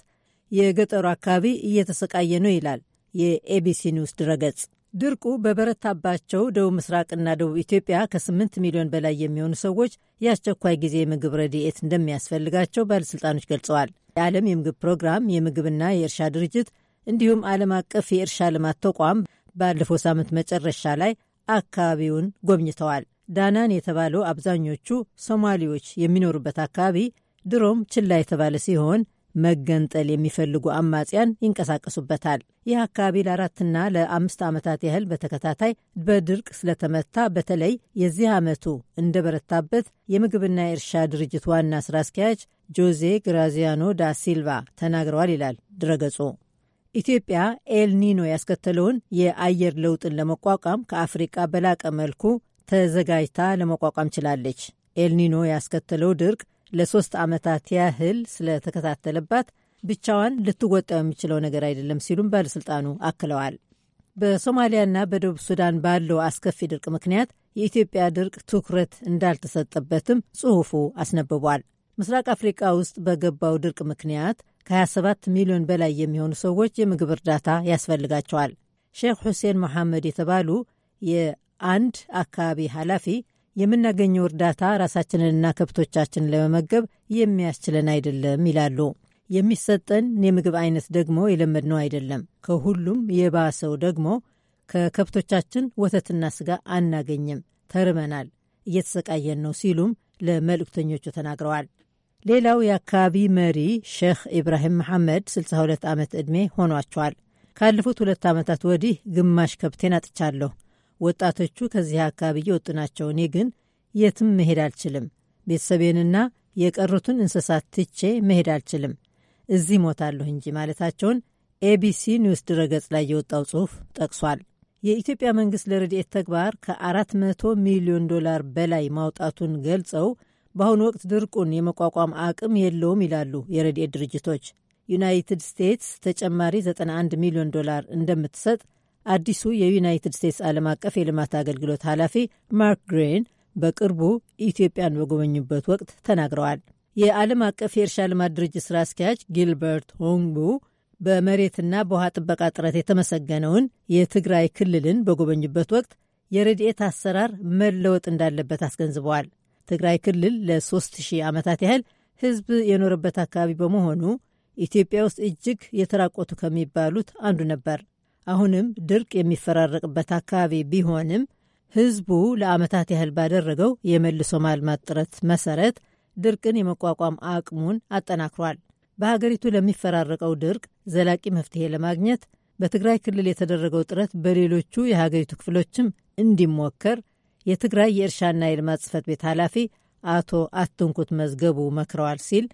የገጠሩ አካባቢ እየተሰቃየ ነው ይላል የኤቢሲ ኒውስ ድረገጽ። ድርቁ በበረታባቸው ደቡብ ምስራቅና ደቡብ ኢትዮጵያ ከ8 ሚሊዮን በላይ የሚሆኑ ሰዎች የአስቸኳይ ጊዜ የምግብ ረድኤት እንደሚያስፈልጋቸው ባለሥልጣኖች ገልጸዋል። የዓለም የምግብ ፕሮግራም፣ የምግብና የእርሻ ድርጅት እንዲሁም ዓለም አቀፍ የእርሻ ልማት ተቋም ባለፈው ሳምንት መጨረሻ ላይ አካባቢውን ጎብኝተዋል። ዳናን የተባለው አብዛኞቹ ሶማሌዎች የሚኖሩበት አካባቢ ድሮም ችላ የተባለ ሲሆን መገንጠል የሚፈልጉ አማጽያን ይንቀሳቀሱበታል። ይህ አካባቢ ለአራትና ለአምስት ዓመታት ያህል በተከታታይ በድርቅ ስለተመታ በተለይ የዚህ ዓመቱ እንደበረታበት የምግብና የእርሻ ድርጅት ዋና ስራ አስኪያጅ ጆዜ ግራዚያኖ ዳ ሲልቫ ተናግረዋል ይላል ድረገጹ። ኢትዮጵያ ኤልኒኖ ያስከተለውን የአየር ለውጥን ለመቋቋም ከአፍሪቃ በላቀ መልኩ ተዘጋጅታ ለመቋቋም ችላለች። ኤልኒኖ ያስከተለው ድርቅ ለሶስት ዓመታት ያህል ስለተከታተለባት ብቻዋን ልትወጣው የሚችለው ነገር አይደለም ሲሉም ባለሥልጣኑ አክለዋል። በሶማሊያና በደቡብ ሱዳን ባለው አስከፊ ድርቅ ምክንያት የኢትዮጵያ ድርቅ ትኩረት እንዳልተሰጠበትም ጽሑፉ አስነብቧል። ምስራቅ አፍሪቃ ውስጥ በገባው ድርቅ ምክንያት ከ27 ሚሊዮን በላይ የሚሆኑ ሰዎች የምግብ እርዳታ ያስፈልጋቸዋል። ሼክ ሁሴን መሐመድ የተባሉ የአንድ አካባቢ ኃላፊ የምናገኘው እርዳታ ራሳችንንና ከብቶቻችንን ለመመገብ የሚያስችለን አይደለም ይላሉ። የሚሰጠን የምግብ አይነት ደግሞ የለመድነው አይደለም። ከሁሉም የባሰው ደግሞ ከከብቶቻችን ወተትና ስጋ አናገኝም፣ ተርመናል እየተሰቃየን ነው ሲሉም ለመልእክተኞቹ ተናግረዋል። ሌላው የአካባቢ መሪ ሼክ ኢብራሂም መሐመድ 62 ዓመት ዕድሜ ሆኗቸዋል። ካለፉት ሁለት ዓመታት ወዲህ ግማሽ ከብቴን አጥቻለሁ። ወጣቶቹ ከዚህ አካባቢ እየወጡ ናቸው። እኔ ግን የትም መሄድ አልችልም። ቤተሰቤንና የቀሩትን እንስሳት ትቼ መሄድ አልችልም። እዚህ ሞታለሁ እንጂ ማለታቸውን ኤቢሲ ኒውስ ድረገጽ ላይ የወጣው ጽሑፍ ጠቅሷል። የኢትዮጵያ መንግሥት ለረድኤት ተግባር ከ400 ሚሊዮን ዶላር በላይ ማውጣቱን ገልጸው በአሁኑ ወቅት ድርቁን የመቋቋም አቅም የለውም ይላሉ የረድኤት ድርጅቶች። ዩናይትድ ስቴትስ ተጨማሪ 91 ሚሊዮን ዶላር እንደምትሰጥ አዲሱ የዩናይትድ ስቴትስ ዓለም አቀፍ የልማት አገልግሎት ኃላፊ ማርክ ግሬን በቅርቡ ኢትዮጵያን በጎበኙበት ወቅት ተናግረዋል። የዓለም አቀፍ የእርሻ ልማት ድርጅት ስራ አስኪያጅ ጊልበርት ሆንግቡ በመሬትና በውሃ ጥበቃ ጥረት የተመሰገነውን የትግራይ ክልልን በጎበኙበት ወቅት የረድኤት አሰራር መለወጥ እንዳለበት አስገንዝበዋል። ትግራይ ክልል ለ3000 ዓመታት ያህል ህዝብ የኖረበት አካባቢ በመሆኑ ኢትዮጵያ ውስጥ እጅግ የተራቆቱ ከሚባሉት አንዱ ነበር። አሁንም ድርቅ የሚፈራረቅበት አካባቢ ቢሆንም ህዝቡ ለዓመታት ያህል ባደረገው የመልሶ ማልማት ጥረት መሰረት ድርቅን የመቋቋም አቅሙን አጠናክሯል። በሀገሪቱ ለሚፈራረቀው ድርቅ ዘላቂ መፍትሄ ለማግኘት በትግራይ ክልል የተደረገው ጥረት በሌሎቹ የሀገሪቱ ክፍሎችም እንዲሞከር የትግራይ የእርሻና የልማት ጽህፈት ቤት ኃላፊ አቶ አትንኩት መዝገቡ መክረዋል ሲል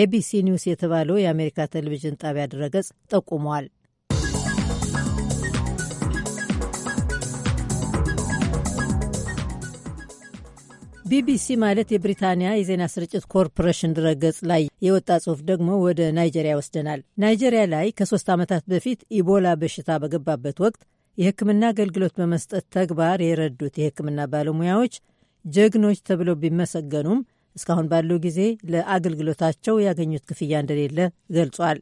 ኤቢሲ ኒውስ የተባለው የአሜሪካ ቴሌቪዥን ጣቢያ ድረገጽ ጠቁሟል። ቢቢሲ ማለት የብሪታንያ የዜና ስርጭት ኮርፖሬሽን ድረገጽ ላይ የወጣ ጽሑፍ ደግሞ ወደ ናይጄሪያ ይወስደናል። ናይጄሪያ ላይ ከሶስት ዓመታት በፊት ኢቦላ በሽታ በገባበት ወቅት የሕክምና አገልግሎት በመስጠት ተግባር የረዱት የሕክምና ባለሙያዎች ጀግኖች ተብለው ቢመሰገኑም እስካሁን ባለው ጊዜ ለአገልግሎታቸው ያገኙት ክፍያ እንደሌለ ገልጿል።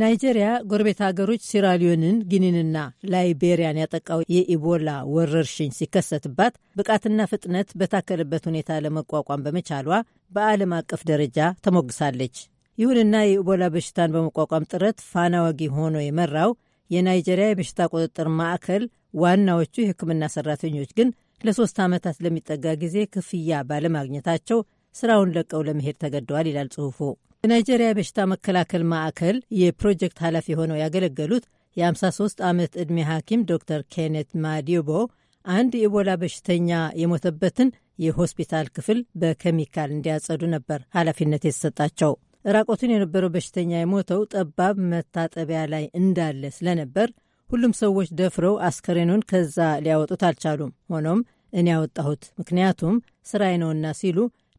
ናይጄሪያ ጎረቤት ሀገሮች ሲራሊዮንን፣ ጊኒንና ላይቤሪያን ያጠቃው የኢቦላ ወረርሽኝ ሲከሰትባት ብቃትና ፍጥነት በታከለበት ሁኔታ ለመቋቋም በመቻሏ በዓለም አቀፍ ደረጃ ተሞግሳለች። ይሁንና የኢቦላ በሽታን በመቋቋም ጥረት ፋና ወጊ ሆኖ የመራው የናይጄሪያ የበሽታ ቁጥጥር ማዕከል ዋናዎቹ የሕክምና ሰራተኞች ግን ለሶስት ዓመታት ለሚጠጋ ጊዜ ክፍያ ባለማግኘታቸው ስራውን ለቀው ለመሄድ ተገደዋል ይላል ጽሑፉ። የናይጄሪያ የበሽታ መከላከል ማዕከል የፕሮጀክት ኃላፊ ሆነው ያገለገሉት የ53 ዓመት ዕድሜ ሐኪም ዶክተር ኬኔት ማዲቦ አንድ የኢቦላ በሽተኛ የሞተበትን የሆስፒታል ክፍል በኬሚካል እንዲያጸዱ ነበር ኃላፊነት የተሰጣቸው። ራቆቱን የነበረው በሽተኛ የሞተው ጠባብ መታጠቢያ ላይ እንዳለ ስለነበር ሁሉም ሰዎች ደፍረው አስከሬኑን ከዛ ሊያወጡት አልቻሉም። ሆኖም እኔ ያወጣሁት ምክንያቱም ስራዬ ነውና ሲሉ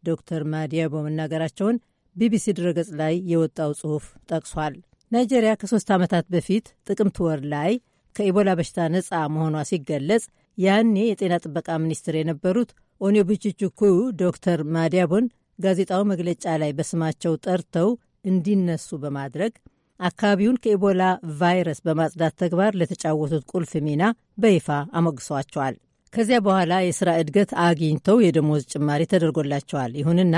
ዶክተር ማዲያቦ መናገራቸውን ቢቢሲ ድረገጽ ላይ የወጣው ጽሑፍ ጠቅሷል። ናይጄሪያ ከሶስት ዓመታት በፊት ጥቅምት ወር ላይ ከኢቦላ በሽታ ነፃ መሆኗ ሲገለጽ ያኔ የጤና ጥበቃ ሚኒስትር የነበሩት ኦኔቡቺቹኩ ዶክተር ማዲያቦን ጋዜጣዊ መግለጫ ላይ በስማቸው ጠርተው እንዲነሱ በማድረግ አካባቢውን ከኢቦላ ቫይረስ በማጽዳት ተግባር ለተጫወቱት ቁልፍ ሚና በይፋ አሞግሰዋቸዋል። ከዚያ በኋላ የሥራ እድገት አግኝተው የደሞዝ ጭማሪ ተደርጎላቸዋል። ይሁንና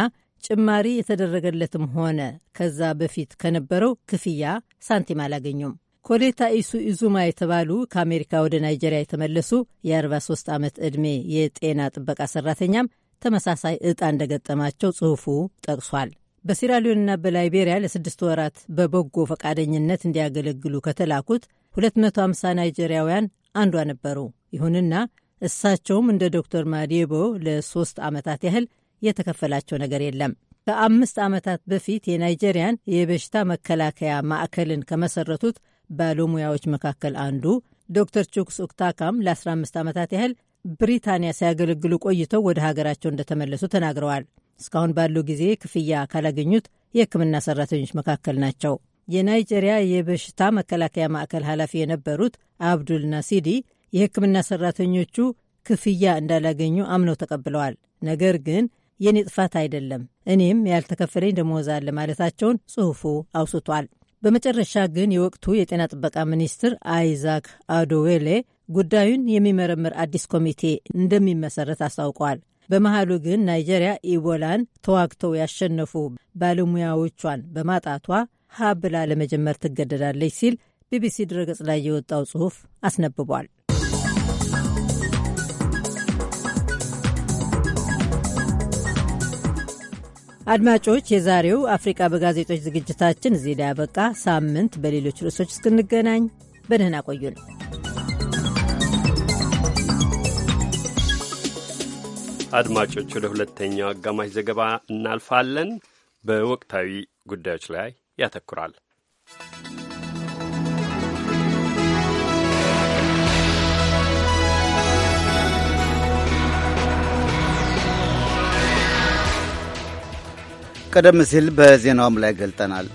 ጭማሪ የተደረገለትም ሆነ ከዛ በፊት ከነበረው ክፍያ ሳንቲም አላገኙም። ኮሌታ ኢሱ ኢዙማ የተባሉ ከአሜሪካ ወደ ናይጄሪያ የተመለሱ የ43 ዓመት ዕድሜ የጤና ጥበቃ ሰራተኛም ተመሳሳይ እጣ እንደገጠማቸው ጽሑፉ ጠቅሷል። በሲራሊዮንና በላይቤሪያ ለስድስት ወራት በበጎ ፈቃደኝነት እንዲያገለግሉ ከተላኩት 250 ናይጄሪያውያን አንዷ ነበሩ። ይሁንና እሳቸውም እንደ ዶክተር ማዲቦ ለሶስት ዓመታት ያህል የተከፈላቸው ነገር የለም። ከአምስት ዓመታት በፊት የናይጄሪያን የበሽታ መከላከያ ማዕከልን ከመሰረቱት ባለሙያዎች መካከል አንዱ ዶክተር ቹክስ ኡክታካም ለ15 ዓመታት ያህል ብሪታንያ ሲያገለግሉ ቆይተው ወደ ሀገራቸው እንደተመለሱ ተናግረዋል። እስካሁን ባለው ጊዜ ክፍያ ካላገኙት የሕክምና ሰራተኞች መካከል ናቸው። የናይጄሪያ የበሽታ መከላከያ ማዕከል ኃላፊ የነበሩት አብዱል ናሲዲ የሕክምና ሰራተኞቹ ክፍያ እንዳላገኙ አምነው ተቀብለዋል። ነገር ግን የኔ ጥፋት አይደለም፣ እኔም ያልተከፈለኝ ደሞዝ አለ ማለታቸውን ጽሑፉ አውስቷል። በመጨረሻ ግን የወቅቱ የጤና ጥበቃ ሚኒስትር አይዛክ አዶዌሌ ጉዳዩን የሚመረምር አዲስ ኮሚቴ እንደሚመሰረት አስታውቀዋል። በመሃሉ ግን ናይጄሪያ ኢቦላን ተዋግተው ያሸነፉ ባለሙያዎቿን በማጣቷ ሀ ብላ ለመጀመር ትገደዳለች ሲል ቢቢሲ ድረገጽ ላይ የወጣው ጽሑፍ አስነብቧል። አድማጮች፣ የዛሬው አፍሪቃ በጋዜጦች ዝግጅታችን እዚህ ላይ ያበቃ። ሳምንት በሌሎች ርዕሶች እስክንገናኝ በደህና ቆዩን። አድማጮች ወደ ሁለተኛው አጋማሽ ዘገባ እናልፋለን። በወቅታዊ ጉዳዮች ላይ ያተኩራል። ቀደም ሲል በዜናውም ላይ ገልጠናል።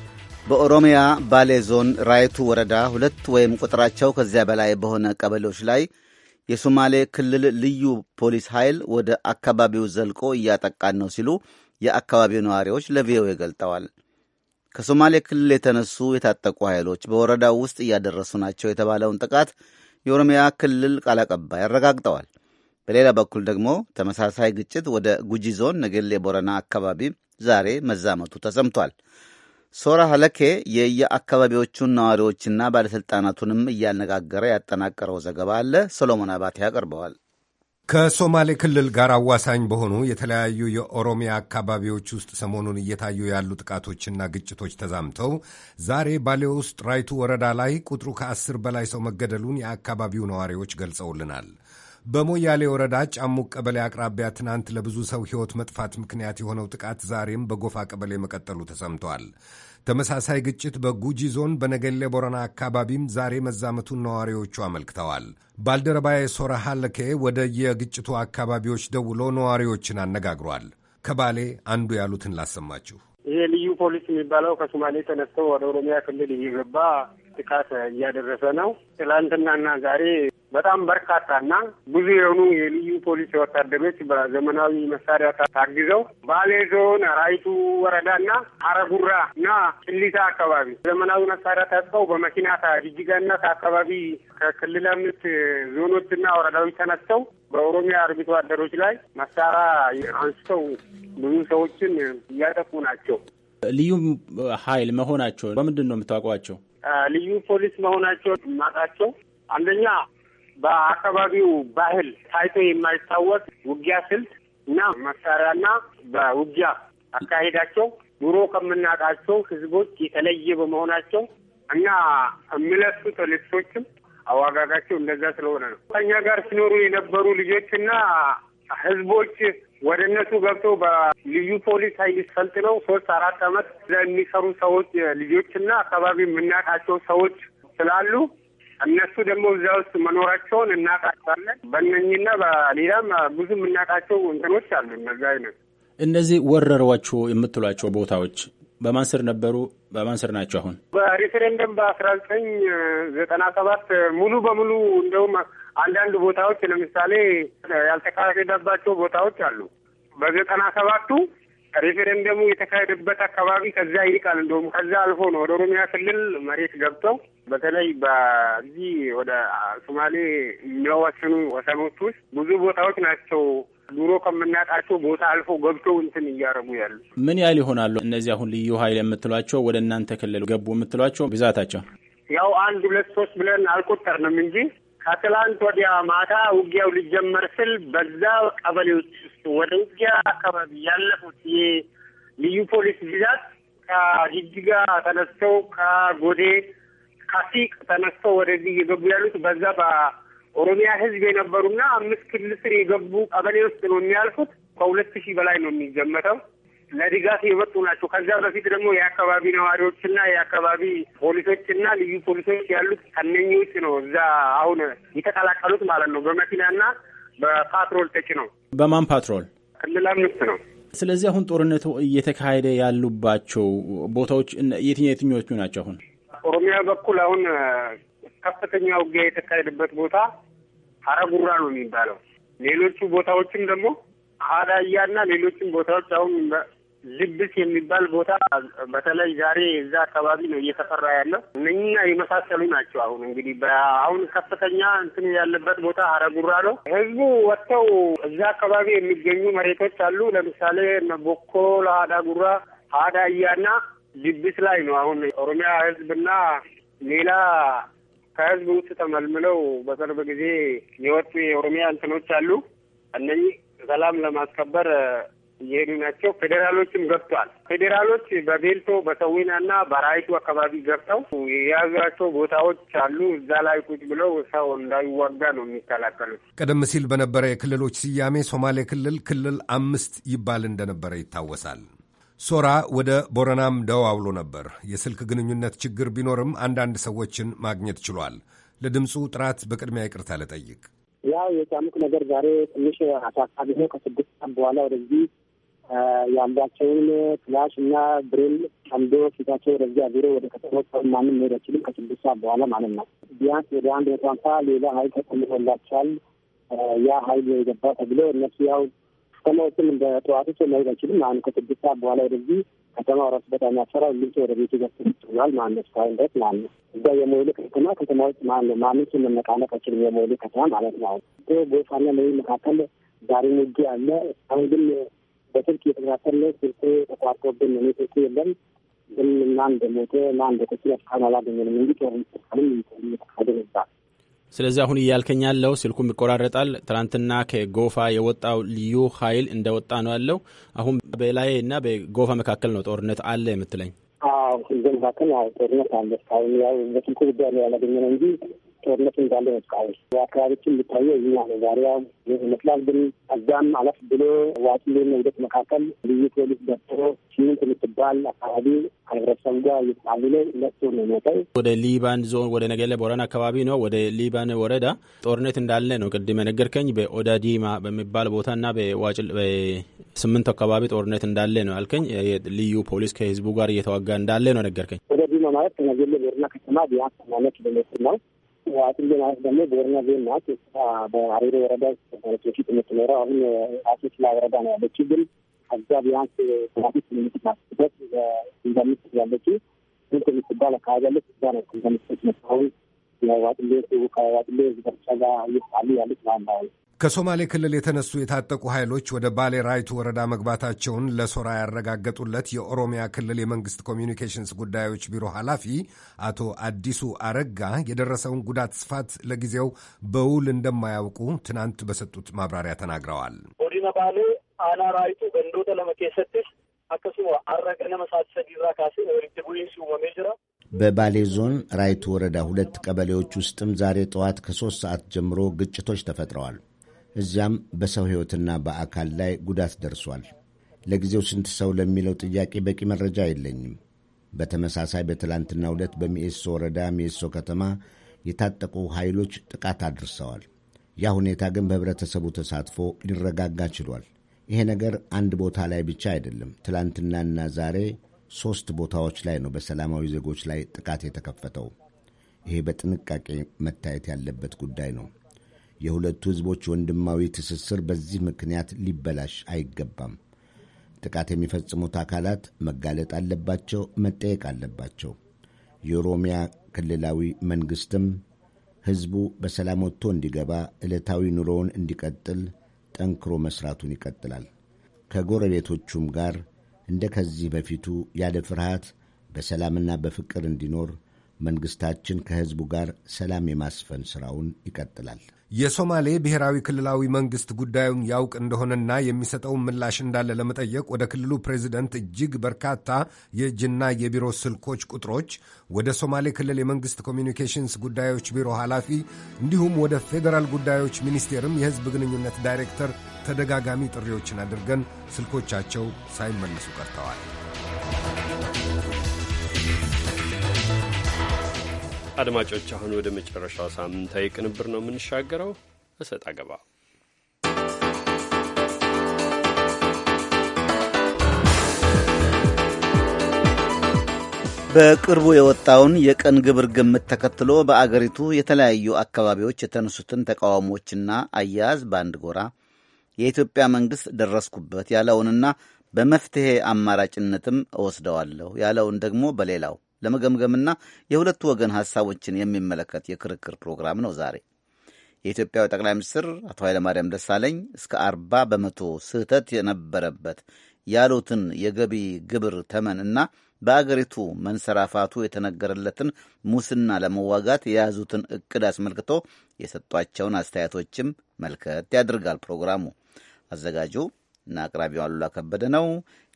በኦሮሚያ ባሌ ዞን ራይቱ ወረዳ ሁለት ወይም ቁጥራቸው ከዚያ በላይ በሆነ ቀበሌዎች ላይ የሶማሌ ክልል ልዩ ፖሊስ ኃይል ወደ አካባቢው ዘልቆ እያጠቃን ነው ሲሉ የአካባቢው ነዋሪዎች ለቪኦኤ ገልጠዋል። ከሶማሌ ክልል የተነሱ የታጠቁ ኃይሎች በወረዳው ውስጥ እያደረሱ ናቸው የተባለውን ጥቃት የኦሮሚያ ክልል ቃል አቀባይ አረጋግጠዋል። በሌላ በኩል ደግሞ ተመሳሳይ ግጭት ወደ ጉጂ ዞን ነገሌ ቦረና አካባቢ ዛሬ መዛመቱ ተሰምቷል። ሶራ ሀለኬ የየአካባቢዎቹን ነዋሪዎችና ባለሥልጣናቱንም እያነጋገረ ያጠናቀረው ዘገባ አለ። ሰሎሞን አባቴ ያቀርበዋል። ከሶማሌ ክልል ጋር አዋሳኝ በሆኑ የተለያዩ የኦሮሚያ አካባቢዎች ውስጥ ሰሞኑን እየታዩ ያሉ ጥቃቶችና ግጭቶች ተዛምተው ዛሬ ባሌ ውስጥ ራይቱ ወረዳ ላይ ቁጥሩ ከአስር በላይ ሰው መገደሉን የአካባቢው ነዋሪዎች ገልጸውልናል። በሞያሌ ወረዳ ጫሙቅ ቀበሌ አቅራቢያ ትናንት ለብዙ ሰው ሕይወት መጥፋት ምክንያት የሆነው ጥቃት ዛሬም በጎፋ ቀበሌ መቀጠሉ ተሰምቷል። ተመሳሳይ ግጭት በጉጂ ዞን በነገሌ ቦረና አካባቢም ዛሬ መዛመቱን ነዋሪዎቹ አመልክተዋል። ባልደረባዬ ሶራ ሃለኬ ወደ የግጭቱ አካባቢዎች ደውሎ ነዋሪዎችን አነጋግሯል። ከባሌ አንዱ ያሉትን ላሰማችሁ። ይሄ ልዩ ፖሊስ የሚባለው ከሶማሌ ተነስተው ወደ ኦሮሚያ ክልል እየገባ ጥቃት እያደረሰ ነው። ትላንትናና ዛሬ በጣም በርካታና ብዙ የሆኑ የልዩ ፖሊስ ወታደሮች በዘመናዊ መሳሪያ ታግዘው ባሌ ዞን ራይቱ ወረዳና አረጉራ እና ጭሊታ አካባቢ ዘመናዊ መሳሪያ ታጥቀው በመኪና ጅጅጋና አካባቢ ከክልል አምስት ዞኖችና ወረዳዎች ተነስተው በኦሮሚያ አርብቶ አደሮች ላይ መሳሪያ አንስተው ብዙ ሰዎችን እያጠፉ ናቸው። ልዩ ኃይል መሆናቸው በምንድን ነው የምታውቋቸው? ልዩ ፖሊስ መሆናቸው ማጣቸው አንደኛ በአካባቢው ባህል ታይቶ የማይታወቅ ውጊያ ስልት እና መሳሪያና በውጊያ አካሄዳቸው ኑሮ ከምናውቃቸው ህዝቦች የተለየ በመሆናቸው እና የሚለብሱት ልብሶችም አዋጋጋቸው እንደዛ ስለሆነ ነው። ከኛ ጋር ሲኖሩ የነበሩ ልጆችና ህዝቦች ወደ እነሱ ገብተው በልዩ ፖሊስ ኃይል ሰልጥነው ሶስት አራት አመት የሚሰሩ ሰዎች ልጆችና አካባቢ የምናውቃቸው ሰዎች ስላሉ እነሱ ደግሞ እዚያ ውስጥ መኖራቸውን እናቃቸዋለን። በእነኝና በሌላም ብዙ የምናውቃቸው እንትኖች አሉ። እነዚ አይነት እነዚህ ወረሯቸው የምትሏቸው ቦታዎች በማን ስር ነበሩ? በማን ስር ናቸው? አሁን በሬፌሬንደም በአስራ ዘጠኝ ዘጠና ሰባት ሙሉ በሙሉ እንደውም አንዳንድ ቦታዎች ለምሳሌ ያልተካሄደባቸው ቦታዎች አሉ። በዘጠና ሰባቱ ሬፌረንደሙ የተካሄደበት አካባቢ ከዛ ይልቃል። እንደውም ከዛ አልፎ ነው ወደ ኦሮሚያ ክልል መሬት ገብተው በተለይ በዚህ ወደ ሶማሌ የሚያዋስኑ ወሰኖች ውስጥ ብዙ ቦታዎች ናቸው ድሮ ከምናጣቸው ቦታ አልፎ ገብተው እንትን እያረጉ ያሉ ምን ያህል ይሆናሉ? እነዚህ አሁን ልዩ ኃይል የምትሏቸው ወደ እናንተ ክልል ገቡ የምትሏቸው ብዛታቸው ያው አንድ ሁለት ሶስት ብለን አልቆጠርንም እንጂ ከትላንት ወዲያ ማታ ውጊያው ሊጀመር ስል በዛ ቀበሌዎች ውስጥ ወደ ውጊያ አካባቢ ያለፉት የልዩ ፖሊስ ብዛት ከጅጅጋ ተነስተው ከጎዴ ከሲቅ ተነስተው ወደዚህ እየገቡ ያሉት በዛ በኦሮሚያ ህዝብ የነበሩና አምስት ክልል ስር የገቡ ቀበሌ ውስጥ ነው የሚያልፉት። ከሁለት ሺህ በላይ ነው የሚገመተው። ለድጋፍ የመጡ ናቸው። ከዛ በፊት ደግሞ የአካባቢ ነዋሪዎችና የአካባቢ ፖሊሶችና ልዩ ፖሊሶች ያሉት ከነኞች ነው እዛ አሁን የተቀላቀሉት ማለት ነው። በመኪናና በፓትሮል ነው። በማን ፓትሮል ክልል አምስት ነው። ስለዚህ አሁን ጦርነቱ እየተካሄደ ያሉባቸው ቦታዎች የትኛ የትኞቹ ናቸው? አሁን ኦሮሚያ በኩል አሁን ከፍተኛ ውጊያ የተካሄደበት ቦታ ሀረጉራ ነው የሚባለው። ሌሎቹ ቦታዎችም ደግሞ ሀዳያና ሌሎችም ቦታዎች አሁን ልብስ የሚባል ቦታ በተለይ ዛሬ እዛ አካባቢ ነው እየተፈራ ያለው። እነኛ የመሳሰሉ ናቸው። አሁን እንግዲህ አሁን ከፍተኛ እንትን ያለበት ቦታ አረጉራ ነው። ህዝቡ ወጥተው እዛ አካባቢ የሚገኙ መሬቶች አሉ። ለምሳሌ ቦኮ አዳያ ሀዳያና ልብስ ላይ ነው አሁን ኦሮሚያ ህዝብና ሌላ ከህዝብ ውስጥ ተመልምለው በቅርብ ጊዜ የወጡ የኦሮሚያ እንትኖች አሉ። እነዚህ ሰላም ለማስከበር እየሄዱ ናቸው። ፌዴራሎችም ገብቷል። ፌዴራሎች በቤልቶ በሰዊና እና በራይቱ አካባቢ ገብተው የያዟቸው ቦታዎች አሉ። እዛ ላይ ቁጭ ብለው ሰው እንዳይዋጋ ነው የሚከላከሉት። ቀደም ሲል በነበረ የክልሎች ስያሜ ሶማሌ ክልል ክልል አምስት ይባል እንደነበረ ይታወሳል። ሶራ ወደ ቦረናም ደዋውሎ ነበር። የስልክ ግንኙነት ችግር ቢኖርም አንዳንድ ሰዎችን ማግኘት ችሏል። ለድምፁ ጥራት በቅድሚያ ይቅርታ ልጠይቅ። ያው የጫሙቅ ነገር ዛሬ ትንሽ አሳሳቢ ነው። ከስድስት ሰዓት በኋላ ወደዚህ ያላቸውን ክላሽ እና ብሬል ቀምዶ ፊታቸው ወደዚያ ቢሮ ወደ ከተሞች ሰው ማንም መሄድ አይችልም ከስድስት ሰዓት በኋላ ማለት ነው። ቢያንስ ወደ አንድ መቶ ሀምሳ ሌላ ሀይል ተቆልፎላቸዋል። ያ ሀይል የገባ ተብሎ እነሱ ያው ከተማዎችም እንደ ጠዋቱ ሰው መሄድ አይችልም። አሁን ከስድስት ሰዓት በኋላ ወደዚህ ከተማ ራሱ በጣም ያሰራ ልብሶ ወደ ቤቱ ገብተዋል ማለት ነው። እስካሁን ድረስ ማለት ነው እዛ የሞይሌ ከተማ ከተማዎች ማለት ነው ማንም ሰው መነቃነቅ አይችልም። የሞይሌ ከተማ ማለት ነው ቦሳና መይ መካከል ዛሬ ውጊ አለ። አሁን ግን በስልክ እየተከታተለ ስልኩ ተቋርጦብን እኔ ስልኩ የለም ግን እና እንደሞተ እና እንደተችለ እስካሁን አላገኘንም እንዲ ጦር ሚስጥቃልም እየተካሄደ ነበር። ስለዚህ አሁን እያልከኝ ያለው ስልኩም ይቆራረጣል። ትናንትና ከጎፋ የወጣው ልዩ ኃይል እንደወጣ ነው ያለው። አሁን በላይ እና በጎፋ መካከል ነው ጦርነት አለ የምትለኝ? አዎ፣ ህዝብ መካከል ጦርነት አለ። እስካሁን ያው በስልኩ ጉዳይ ነው ያላገኘነው እንጂ ጦርነት እንዳለ ነው። የአካባቢችን በአካባቢችን የሚታየው እኛ ነው። ዛሬያ ይመስላል ግን አዛም አለፍ ብሎ ዋጭሌን ውደት መካከል ልዩ ፖሊስ ደብሮ ሲሚንት የምትባል አካባቢ ከህብረተሰቡ ጋር እየተጣሉ ለሱ ነው ሞተው ወደ ሊባን ዞን ወደ ነገለ ቦረን አካባቢ ነው ወደ ሊባን ወረዳ ጦርነት እንዳለ ነው። ቅድመ ነገርከኝ። በኦዳዲማ በሚባል ቦታ እና በስምንቱ አካባቢ ጦርነት እንዳለ ነው ያልከኝ። ልዩ ፖሊስ ከህዝቡ ጋር እየተዋጋ እንዳለ ነው ነገርከኝ። ኦዳዲማ ማለት ከነገለ ቦረና ከተማ ቢያንስ ሰማንያ ኪሎ ሜትር ነው። አቶ ማለት ደግሞ ቦርና ቤን ናት። በአሬሮ ወረዳ ማለት በፊት የምትኖረው አሁን አሶስላ ወረዳ ነው ያለች። ግን ከዛ ቢያንስ ትራፊክ የምትማስበት እንደምት ያለች ስንት የምትባል አካባቢ ያለች እዛ ነው እንደምትች መታሁን የዋጥሌ ከዋጥሌ ዝበርቻ ጋር እየሳሉ ያለች ማለት ነው። ከሶማሌ ክልል የተነሱ የታጠቁ ኃይሎች ወደ ባሌ ራይቱ ወረዳ መግባታቸውን ለሶራ ያረጋገጡለት የኦሮሚያ ክልል የመንግስት ኮሚዩኒኬሽንስ ጉዳዮች ቢሮ ኃላፊ አቶ አዲሱ አረጋ የደረሰውን ጉዳት ስፋት ለጊዜው በውል እንደማያውቁ ትናንት በሰጡት ማብራሪያ ተናግረዋል። ጎዲና ባሌ አና ራይቱ ገንዶተ ለመኬሰትስ አከሱማ አረቀ ለመሳሰዲራ ካሴ ወሪት ቡይንሲ ወሜጅራ በባሌ ዞን ራይቱ ወረዳ ሁለት ቀበሌዎች ውስጥም ዛሬ ጠዋት ከሶስት ሰዓት ጀምሮ ግጭቶች ተፈጥረዋል። እዚያም በሰው ሕይወትና በአካል ላይ ጉዳት ደርሷል። ለጊዜው ስንት ሰው ለሚለው ጥያቄ በቂ መረጃ የለኝም። በተመሳሳይ በትላንትናው ዕለት በሚኤሶ ወረዳ ሚኤሶ ከተማ የታጠቁ ኃይሎች ጥቃት አድርሰዋል። ያ ሁኔታ ግን በህብረተሰቡ ተሳትፎ ሊረጋጋ ችሏል። ይሄ ነገር አንድ ቦታ ላይ ብቻ አይደለም። ትላንትናና ዛሬ ሦስት ቦታዎች ላይ ነው በሰላማዊ ዜጎች ላይ ጥቃት የተከፈተው። ይሄ በጥንቃቄ መታየት ያለበት ጉዳይ ነው። የሁለቱ ሕዝቦች ወንድማዊ ትስስር በዚህ ምክንያት ሊበላሽ አይገባም። ጥቃት የሚፈጽሙት አካላት መጋለጥ አለባቸው፣ መጠየቅ አለባቸው። የኦሮሚያ ክልላዊ መንግሥትም ሕዝቡ በሰላም ወጥቶ እንዲገባ፣ ዕለታዊ ኑሮውን እንዲቀጥል ጠንክሮ መሥራቱን ይቀጥላል። ከጎረቤቶቹም ጋር እንደ ከዚህ በፊቱ ያለ ፍርሃት በሰላምና በፍቅር እንዲኖር መንግስታችን ከህዝቡ ጋር ሰላም የማስፈን ስራውን ይቀጥላል። የሶማሌ ብሔራዊ ክልላዊ መንግስት ጉዳዩን ያውቅ እንደሆነና የሚሰጠውን ምላሽ እንዳለ ለመጠየቅ ወደ ክልሉ ፕሬዚደንት እጅግ በርካታ የእጅና የቢሮ ስልኮች ቁጥሮች ወደ ሶማሌ ክልል የመንግስት ኮሚኒኬሽንስ ጉዳዮች ቢሮ ኃላፊ እንዲሁም ወደ ፌዴራል ጉዳዮች ሚኒስቴርም የህዝብ ግንኙነት ዳይሬክተር ተደጋጋሚ ጥሪዎችን አድርገን ስልኮቻቸው ሳይመለሱ ቀርተዋል። አድማጮች፣ አሁን ወደ መጨረሻው ሳምንታዊ ቅንብር ነው የምንሻገረው። እሰጥ አገባ በቅርቡ የወጣውን የቀን ግብር ግምት ተከትሎ በአገሪቱ የተለያዩ አካባቢዎች የተነሱትን ተቃውሞችና አያያዝ በአንድ ጎራ የኢትዮጵያ መንግሥት ደረስኩበት ያለውንና በመፍትሔ አማራጭነትም እወስደዋለሁ ያለውን ደግሞ በሌላው ለመገምገምና የሁለቱ ወገን ሀሳቦችን የሚመለከት የክርክር ፕሮግራም ነው ዛሬ። የኢትዮጵያው ጠቅላይ ሚኒስትር አቶ ኃይለማርያም ደሳለኝ እስከ አርባ በመቶ ስህተት የነበረበት ያሉትን የገቢ ግብር ተመን እና በአገሪቱ መንሰራፋቱ የተነገረለትን ሙስና ለመዋጋት የያዙትን እቅድ አስመልክቶ የሰጧቸውን አስተያየቶችም መልከት ያደርጋል ፕሮግራሙ። አዘጋጁ እና አቅራቢው አሉላ ከበደ ነው።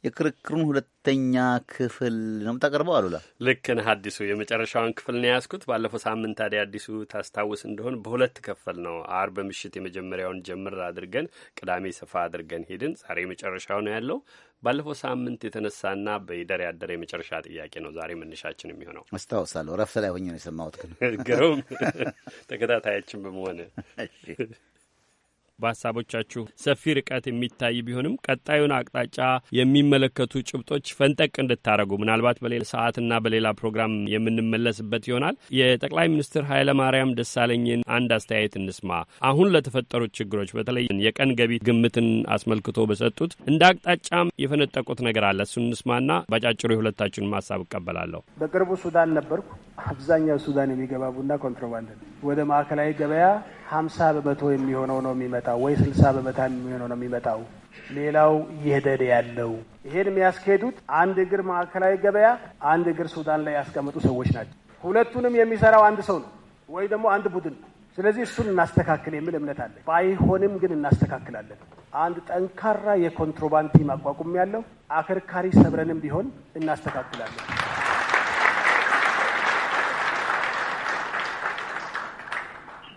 የክርክሩን ሁለተኛ ክፍል ነው የምታቀርበው። አሉላ ልክ ነህ አዲሱ። የመጨረሻውን ክፍል ነው ያስኩት። ባለፈው ሳምንት ታዲያ አዲሱ ታስታውስ እንደሆን በሁለት ከፈል ነው። አርብ ምሽት የመጀመሪያውን ጀምር አድርገን ቅዳሜ ሰፋ አድርገን ሄድን። ዛሬ የመጨረሻው ነው ያለው። ባለፈው ሳምንት የተነሳና በይደር ያደረ የመጨረሻ ጥያቄ ነው ዛሬ መነሻችን የሚሆነው። አስታውሳለሁ። ረፍት ላይ ሆኜ ነው የሰማሁት። ግን ግሩም ተከታታያችን በመሆን በሀሳቦቻችሁ ሰፊ ርቀት የሚታይ ቢሆንም ቀጣዩን አቅጣጫ የሚመለከቱ ጭብጦች ፈንጠቅ እንድታደረጉ ምናልባት በሌላ ሰዓትና በሌላ ፕሮግራም የምንመለስበት ይሆናል። የጠቅላይ ሚኒስትር ኃይለ ማርያም ደሳለኝን አንድ አስተያየት እንስማ። አሁን ለተፈጠሩት ችግሮች በተለይ የቀን ገቢ ግምትን አስመልክቶ በሰጡት እንደ አቅጣጫም የፈነጠቁት ነገር አለ። እሱን እንስማና ባጫጭሩ የሁለታችሁን ሀሳብ እቀበላለሁ። በቅርቡ ሱዳን ነበርኩ። አብዛኛው ሱዳን የሚገባ ቡና ኮንትሮባንድ ወደ ማዕከላዊ ገበያ ሀምሳ በመቶ የሚሆነው ነው የሚመጣው ወይ ስልሳ በመቶ የሚሆነው ነው የሚመጣው። ሌላው እየሄደ ያለው ይሄን የሚያስኬዱት አንድ እግር ማዕከላዊ ገበያ፣ አንድ እግር ሱዳን ላይ ያስቀመጡ ሰዎች ናቸው። ሁለቱንም የሚሰራው አንድ ሰው ነው ወይ ደግሞ አንድ ቡድን ነው። ስለዚህ እሱን እናስተካክል የሚል እምነት አለ። ባይሆንም ግን እናስተካክላለን። አንድ ጠንካራ የኮንትሮባንድ ቲም አቋቁም ያለው አከርካሪ ሰብረንም ቢሆን እናስተካክላለን።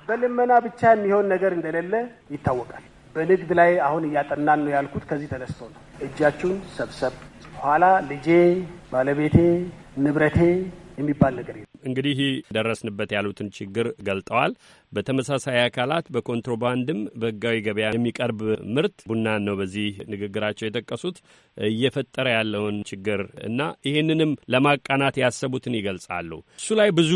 በልመና ብቻ የሚሆን ነገር እንደሌለ ይታወቃል። በንግድ ላይ አሁን እያጠናን ነው ያልኩት ከዚህ ተነስቶ ነው። እጃችሁን ሰብሰብ ኋላ ልጄ፣ ባለቤቴ፣ ንብረቴ የሚባል ነገር የለም። እንግዲህ ደረስንበት ያሉትን ችግር ገልጠዋል። በተመሳሳይ አካላት በኮንትሮባንድም በህጋዊ ገበያ የሚቀርብ ምርት ቡናን ነው በዚህ ንግግራቸው የጠቀሱት እየፈጠረ ያለውን ችግር እና ይህንንም ለማቃናት ያሰቡትን ይገልጻሉ። እሱ ላይ ብዙ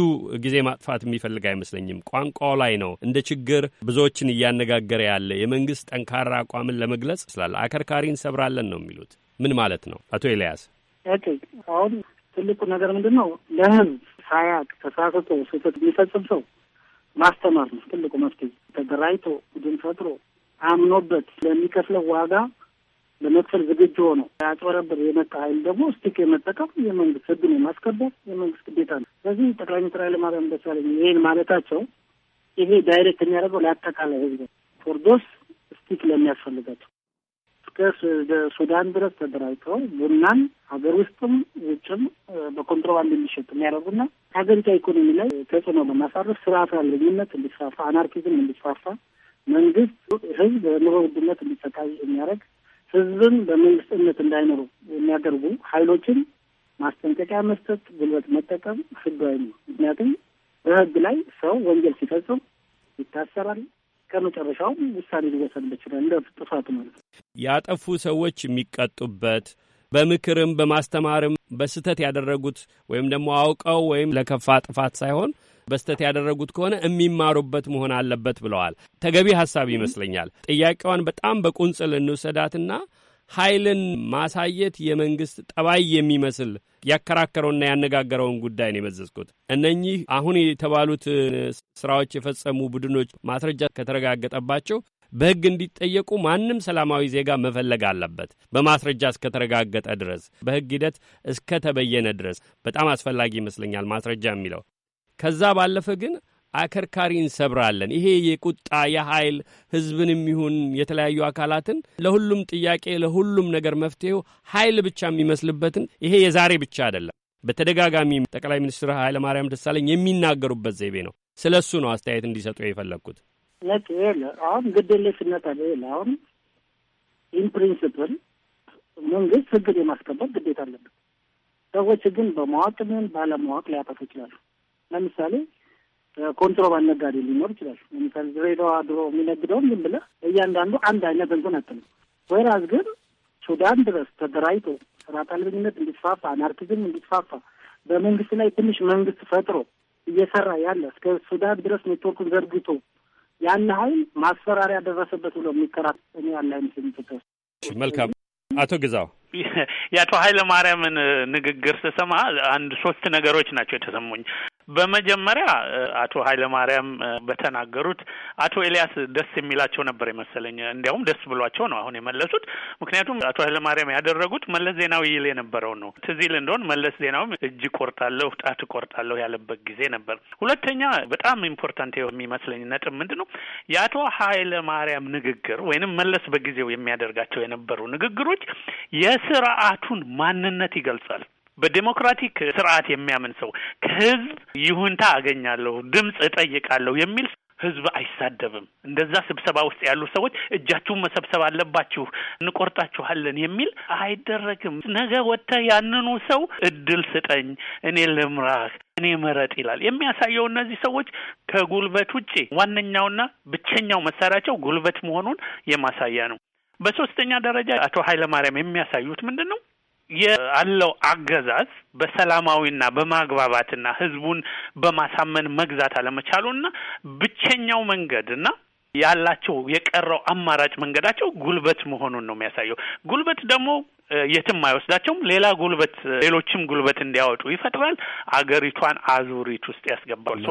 ጊዜ ማጥፋት የሚፈልግ አይመስለኝም። ቋንቋው ላይ ነው እንደ ችግር ብዙዎችን እያነጋገረ ያለ የመንግስት ጠንካራ አቋምን ለመግለጽ ስላለ አከርካሪ እንሰብራለን ነው የሚሉት ምን ማለት ነው? አቶ ኤልያስ አሁን ትልቁ ነገር ምንድን ነው? ለህዝብ ሳያቅ ተሳስቶ ስህተት የሚፈጽም ሰው ማስተማር ነው ትልቁ መፍትሄ። ተደራጅቶ ቡድን ፈጥሮ አምኖበት ለሚከፍለው ዋጋ ለመክፈል ዝግጁ ሆኖ ያጭበረብር የመጣ ኃይል ደግሞ ስቲክ የመጠቀም የመንግስት ህግን የማስከበር የመንግስት ግዴታ ነው። ስለዚህ ጠቅላይ ሚኒስትር ኃይለማርያም ደሳለኝ ይሄን ማለታቸው ይሄ ዳይሬክት የሚያደርገው ለአጠቃላይ ህዝብ ፎርዶስ ስቲክ ለሚያስፈልጋቸው እስከ ሱዳን ድረስ ተደራጅተው ቡናን ሀገር ውስጥም ውጭም በኮንትሮባንድ የሚሸጥ የሚያደርጉና ሀገሪቷ ኢኮኖሚ ላይ ተጽዕኖ በማሳረፍ ስርዓት አልበኝነት እንዲስፋፋ፣ አናርኪዝም እንዲስፋፋ መንግስት ህዝብ በኑሮ ውድነት እንዲሰቃይ የሚያደርግ ህዝብን በመንግስት እምነት እንዳይኖሩ የሚያደርጉ ሀይሎችን ማስጠንቀቂያ መስጠት፣ ጉልበት መጠቀም ህጋዊ ነው። ምክንያቱም በህግ ላይ ሰው ወንጀል ሲፈጽም ይታሰራል። ከመጨረሻውም ውሳኔ ሊወሰድ ይችላል፣ እንደ ጥፋቱ ማለት ነው። ያጠፉ ሰዎች የሚቀጡበት በምክርም በማስተማርም በስህተት ያደረጉት ወይም ደግሞ አውቀው ወይም ለከፋ ጥፋት ሳይሆን በስተት ያደረጉት ከሆነ የሚማሩበት መሆን አለበት ብለዋል። ተገቢ ሀሳብ ይመስለኛል። ጥያቄዋን በጣም በቁንጽል እንውሰዳትና ኃይልን ማሳየት የመንግስት ጠባይ የሚመስል ያከራከረውና ያነጋገረውን ጉዳይ ነው የመዘዝኩት። እነኚህ አሁን የተባሉት ስራዎች የፈጸሙ ቡድኖች ማስረጃ ከተረጋገጠባቸው በሕግ እንዲጠየቁ ማንም ሰላማዊ ዜጋ መፈለግ አለበት። በማስረጃ እስከተረጋገጠ ድረስ፣ በሕግ ሂደት እስከተበየነ ድረስ በጣም አስፈላጊ ይመስለኛል ማስረጃ የሚለው። ከዛ ባለፈ ግን አከርካሪ እንሰብራለን። ይሄ የቁጣ የኃይል ህዝብን የሚሆን የተለያዩ አካላትን ለሁሉም ጥያቄ ለሁሉም ነገር መፍትሄው ኃይል ብቻ የሚመስልበትን ይሄ የዛሬ ብቻ አይደለም። በተደጋጋሚ ጠቅላይ ሚኒስትር ኃይለማርያም ደሳለኝ የሚናገሩበት ዘይቤ ነው። ስለ እሱ ነው አስተያየት እንዲሰጡ የፈለግኩት። Like well, አሁን ግዴለሽነት አለ። አሁን ኢን ፕሪንሲፕል መንግስት ህግን የማስከበር ግዴታ አለበት። ሰዎች ግን በማወቅምን ባለማወቅ ሊያጠፉ ይችላሉ። ለምሳሌ ኮንትሮባንድ ነጋዴ ሊኖር ይችላል። ለምሳሌ ድሬዳዋ ድሮ የሚነግደውም ዝም ብለህ እያንዳንዱ አንድ አይነት እንትን አትልም። ወይራስ ግን ሱዳን ድረስ ተደራጅቶ ስርዓተ አልበኝነት እንዲስፋፋ አናርኪዝም እንዲስፋፋ በመንግስት ላይ ትንሽ መንግስት ፈጥሮ እየሰራ ያለ እስከ ሱዳን ድረስ ኔትወርኩን ዘርግቶ ያን ያህል ማስፈራሪያ ደረሰበት ብሎ የሚከራከር ያለ አይመስለኝም። መልካም አቶ ግዛው የአቶ ኃይለ ማርያምን ንግግር ስሰማ አንድ ሶስት ነገሮች ናቸው የተሰሙኝ። በመጀመሪያ አቶ ኃይለ ማርያም በተናገሩት አቶ ኤልያስ ደስ የሚላቸው ነበር የመሰለኝ። እንዲያውም ደስ ብሏቸው ነው አሁን የመለሱት። ምክንያቱም አቶ ኃይለ ማርያም ያደረጉት መለስ ዜናዊ ይል የነበረው ነው። ትዝ ይል እንደሆን መለስ ዜናዊም እጅ ቆርጣለሁ፣ ጣት ቆርጣለሁ ያለበት ጊዜ ነበር። ሁለተኛ በጣም ኢምፖርታንት የሚመስለኝ ነጥብ ምንድን ነው የአቶ ኃይለ ማርያም ንግግር ወይንም መለስ በጊዜው የሚያደርጋቸው የነበሩ ንግግሮች የ የስርዓቱን ማንነት ይገልጻል። በዴሞክራቲክ ስርዓት የሚያምን ሰው ከህዝብ ይሁንታ አገኛለሁ፣ ድምፅ እጠይቃለሁ የሚል ህዝብ አይሳደብም። እንደዛ ስብሰባ ውስጥ ያሉ ሰዎች እጃችሁን መሰብሰብ አለባችሁ፣ እንቆርጣችኋለን የሚል አይደረግም። ነገ ወጥተህ ያንኑ ሰው እድል ስጠኝ፣ እኔ ልምራህ፣ እኔ ምረጥ ይላል። የሚያሳየው እነዚህ ሰዎች ከጉልበት ውጪ ዋነኛውና ብቸኛው መሳሪያቸው ጉልበት መሆኑን የማሳያ ነው። በሶስተኛ ደረጃ አቶ ኃይለማርያም የሚያሳዩት ምንድን ነው ያለው አገዛዝ በሰላማዊና በማግባባትና ህዝቡን በማሳመን መግዛት አለመቻሉና ብቸኛው መንገድና ያላቸው የቀረው አማራጭ መንገዳቸው ጉልበት መሆኑን ነው የሚያሳየው። ጉልበት ደግሞ የትም አይወስዳቸውም። ሌላ ጉልበት፣ ሌሎችም ጉልበት እንዲያወጡ ይፈጥራል። አገሪቷን አዙሪት ውስጥ ያስገባል።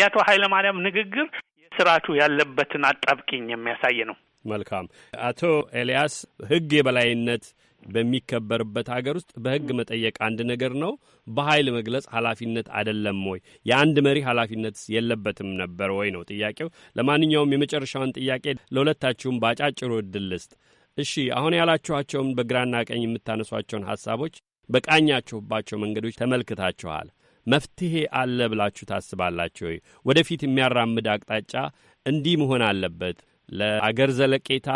የአቶ ኃይለማርያም ንግግር የስርዓቱ ያለበትን አጣብቂኝ የሚያሳይ ነው። መልካም። አቶ ኤልያስ ህግ የበላይነት በሚከበርበት ሀገር ውስጥ በህግ መጠየቅ አንድ ነገር ነው፣ በኃይል መግለጽ ኃላፊነት አይደለም ወይ? የአንድ መሪ ኃላፊነት የለበትም ነበር ወይ ነው ጥያቄው። ለማንኛውም የመጨረሻውን ጥያቄ ለሁለታችሁም በአጫጭሩ እድል ልስጥ። እሺ፣ አሁን ያላችኋቸውን በግራና ቀኝ የምታነሷቸውን ሀሳቦች በቃኛችሁባቸው መንገዶች ተመልክታችኋል። መፍትሄ አለ ብላችሁ ታስባላችሁ ወይ? ወደፊት የሚያራምድ አቅጣጫ እንዲህ መሆን አለበት ለአገር ዘለቄታ፣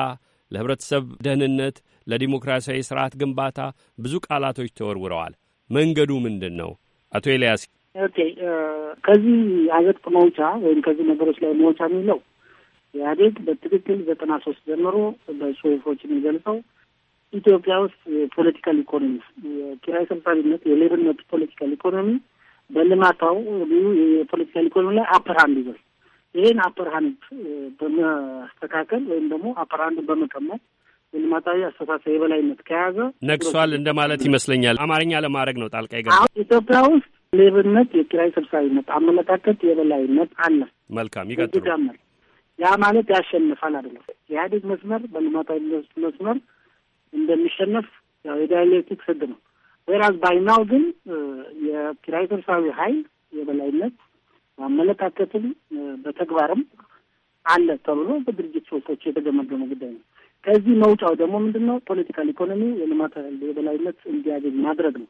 ለህብረተሰብ ደህንነት፣ ለዲሞክራሲያዊ ስርዓት ግንባታ ብዙ ቃላቶች ተወርውረዋል። መንገዱ ምንድን ነው? አቶ ኤልያስ። ኦኬ ከዚህ አዘቅት መውጫ ወይም ከዚህ ነገሮች ላይ መውጫ የሚለው ኢህአዴግ በትክክል ዘጠና ሶስት ጀምሮ በጽሁፎች የሚገልጸው ኢትዮጵያ ውስጥ የፖለቲካል ኢኮኖሚ የኪራይ ሰብሳቢነት፣ የሌብነት ፖለቲካል ኢኮኖሚ በልማታው የፖለቲካል ኢኮኖሚ ላይ አፐር ሃንድ ይዟል። ይህን አፐርሃንድ በመስተካከል ወይም ደግሞ አፐርሃንድን በመቀመጥ የልማታዊ አስተሳሰብ የበላይነት ከያዘ ነግሷል እንደማለት ይመስለኛል። አማርኛ ለማድረግ ነው ጣልቃ ይገባል። ኢትዮጵያ ውስጥ ሌብነት፣ የኪራይ ሰብሳቢነት አመለካከት የበላይነት አለ። መልካም ይቀጥሉ። ያ ማለት ያሸንፋል አይደለም። የኢህአዴግ መስመር በልማታዊ መስመር እንደሚሸነፍ ያው የዳይሌክቲክስ ህግ ነው። ወይራዝ ባይናው ግን የኪራይ ሰብሳቢ ሀይል የበላይነት አመለካከትም በተግባርም አለ ተብሎ በድርጅት ሶልቶች የተገመገመ ጉዳይ ነው። ከዚህ መውጫው ደግሞ ምንድን ነው? ፖለቲካል ኢኮኖሚ የልማት የበላይነት እንዲያገኝ ማድረግ ነው።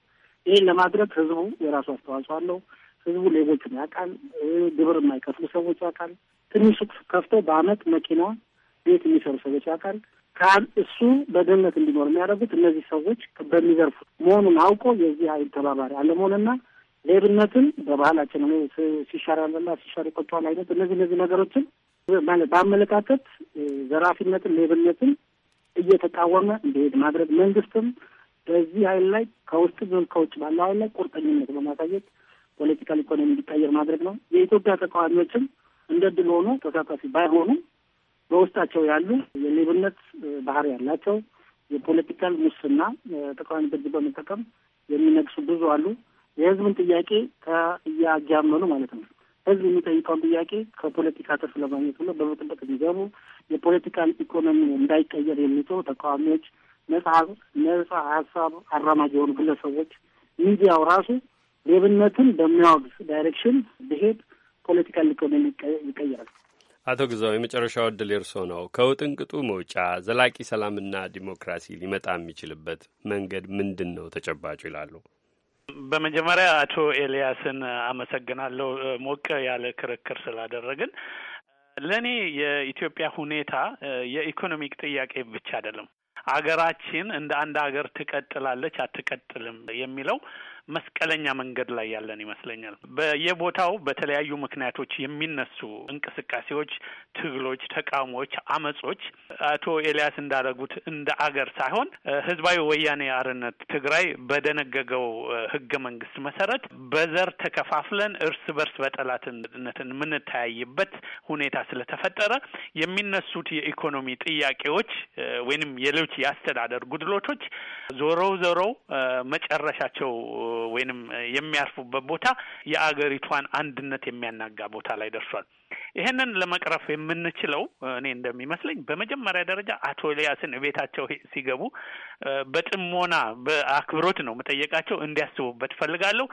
ይህን ለማድረግ ህዝቡ የራሱ አስተዋጽኦ አለው። ህዝቡ ሌቦቹን ያውቃል። ግብር የማይከፍሉ ሰዎች ያውቃል። ትንሽ ሱቅ ከፍተው በአመት መኪና፣ ቤት የሚሰሩ ሰዎች ያውቃል። እሱ በድህነት እንዲኖር የሚያደርጉት እነዚህ ሰዎች በሚዘርፉት መሆኑን አውቆ የዚህ ኃይል ተባባሪ አለመሆንና ሌብነትን በባህላችን ሲሻራልና ሲሻር ይቆጠዋል አይነት እነዚህ እነዚህ ነገሮችን ማለት በአመለካከት ዘራፊነትን፣ ሌብነትን እየተቃወመ እንዲሄድ ማድረግ መንግስትም በዚህ ኃይል ላይ ከውስጥ ዞን ከውጭ ባለው ኃይል ላይ ቁርጠኝነት በማሳየት ፖለቲካል ኢኮኖሚ እንዲቀየር ማድረግ ነው። የኢትዮጵያ ተቃዋሚዎችም እንደ ድል ሆኖ ተሳታፊ ባይሆኑ በውስጣቸው ያሉ የሌብነት ባህሪ ያላቸው የፖለቲካል ሙስና ተቃዋሚ ድርጅት በመጠቀም የሚነግሱ ብዙ አሉ። የህዝብን ጥያቄ ከእያጃመኑ ማለት ነው። ህዝብ የሚጠይቀውን ጥያቄ ከፖለቲካ ትርፍ ለማግኘት ብሎ በብጥብጥ እንዲገቡ የፖለቲካል ኢኮኖሚ እንዳይቀየር የሚጥሩ ተቃዋሚዎች፣ ነጻ ሀሳብ አራማጅ የሆኑ ግለሰቦች፣ ሚዲያው ራሱ ሌብነትን በሚያወግዝ ዳይሬክሽን ብሄድ ፖለቲካል ኢኮኖሚ ይቀየራል። አቶ ግዛው የመጨረሻው እድል እርሶ ነው። ከውጥንቅጡ መውጫ ዘላቂ ሰላምና ዲሞክራሲ ሊመጣ የሚችልበት መንገድ ምንድን ነው ተጨባጩ ይላሉ? በመጀመሪያ አቶ ኤልያስን አመሰግናለሁ ሞቅ ያለ ክርክር ስላደረግን። ለእኔ የኢትዮጵያ ሁኔታ የኢኮኖሚክ ጥያቄ ብቻ አይደለም። አገራችን እንደ አንድ ሀገር ትቀጥላለች አትቀጥልም የሚለው መስቀለኛ መንገድ ላይ ያለን ይመስለኛል። በየቦታው በተለያዩ ምክንያቶች የሚነሱ እንቅስቃሴዎች፣ ትግሎች፣ ተቃውሞዎች፣ አመጾች አቶ ኤልያስ እንዳደረጉት እንደ አገር ሳይሆን ህዝባዊ ወያኔ አርነት ትግራይ በደነገገው ህገ መንግስት መሰረት በዘር ተከፋፍለን እርስ በርስ በጠላትነት የምንተያይበት ሁኔታ ስለተፈጠረ የሚነሱት የኢኮኖሚ ጥያቄዎች ወይንም የሌሎች ጉድለቶች፣ የአስተዳደር ጉድሎቶች ዞሮ ዞሮ መጨረሻቸው ወይንም የሚያርፉበት ቦታ የአገሪቷን አንድነት የሚያናጋ ቦታ ላይ ደርሷል። ይህንን ለመቅረፍ የምንችለው እኔ እንደሚመስለኝ በመጀመሪያ ደረጃ አቶ ኤልያስን ቤታቸው ሲገቡ በጥሞና በአክብሮት ነው መጠየቃቸው እንዲያስቡበት ፈልጋለሁ።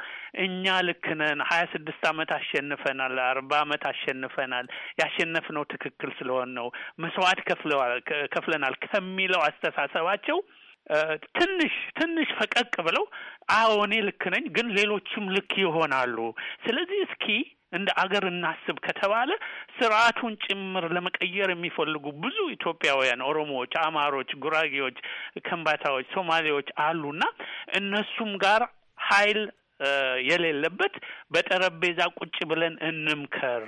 እኛ ልክ ነን፣ ሀያ ስድስት አመት አሸንፈናል፣ አርባ አመት አሸንፈናል፣ ያሸነፍነው ትክክል ስለሆን ነው፣ መስዋዕት ከፍለናል ከሚለው አስተሳሰባቸው ትንሽ ትንሽ ፈቀቅ ብለው አዎ እኔ ልክ ነኝ፣ ግን ሌሎችም ልክ ይሆናሉ። ስለዚህ እስኪ እንደ አገር እናስብ ከተባለ ስርዓቱን ጭምር ለመቀየር የሚፈልጉ ብዙ ኢትዮጵያውያን፣ ኦሮሞዎች፣ አማሮች፣ ጉራጌዎች፣ ከምባታዎች፣ ሶማሌዎች አሉና እነሱም ጋር ኃይል የሌለበት በጠረጴዛ ቁጭ ብለን እንምከር።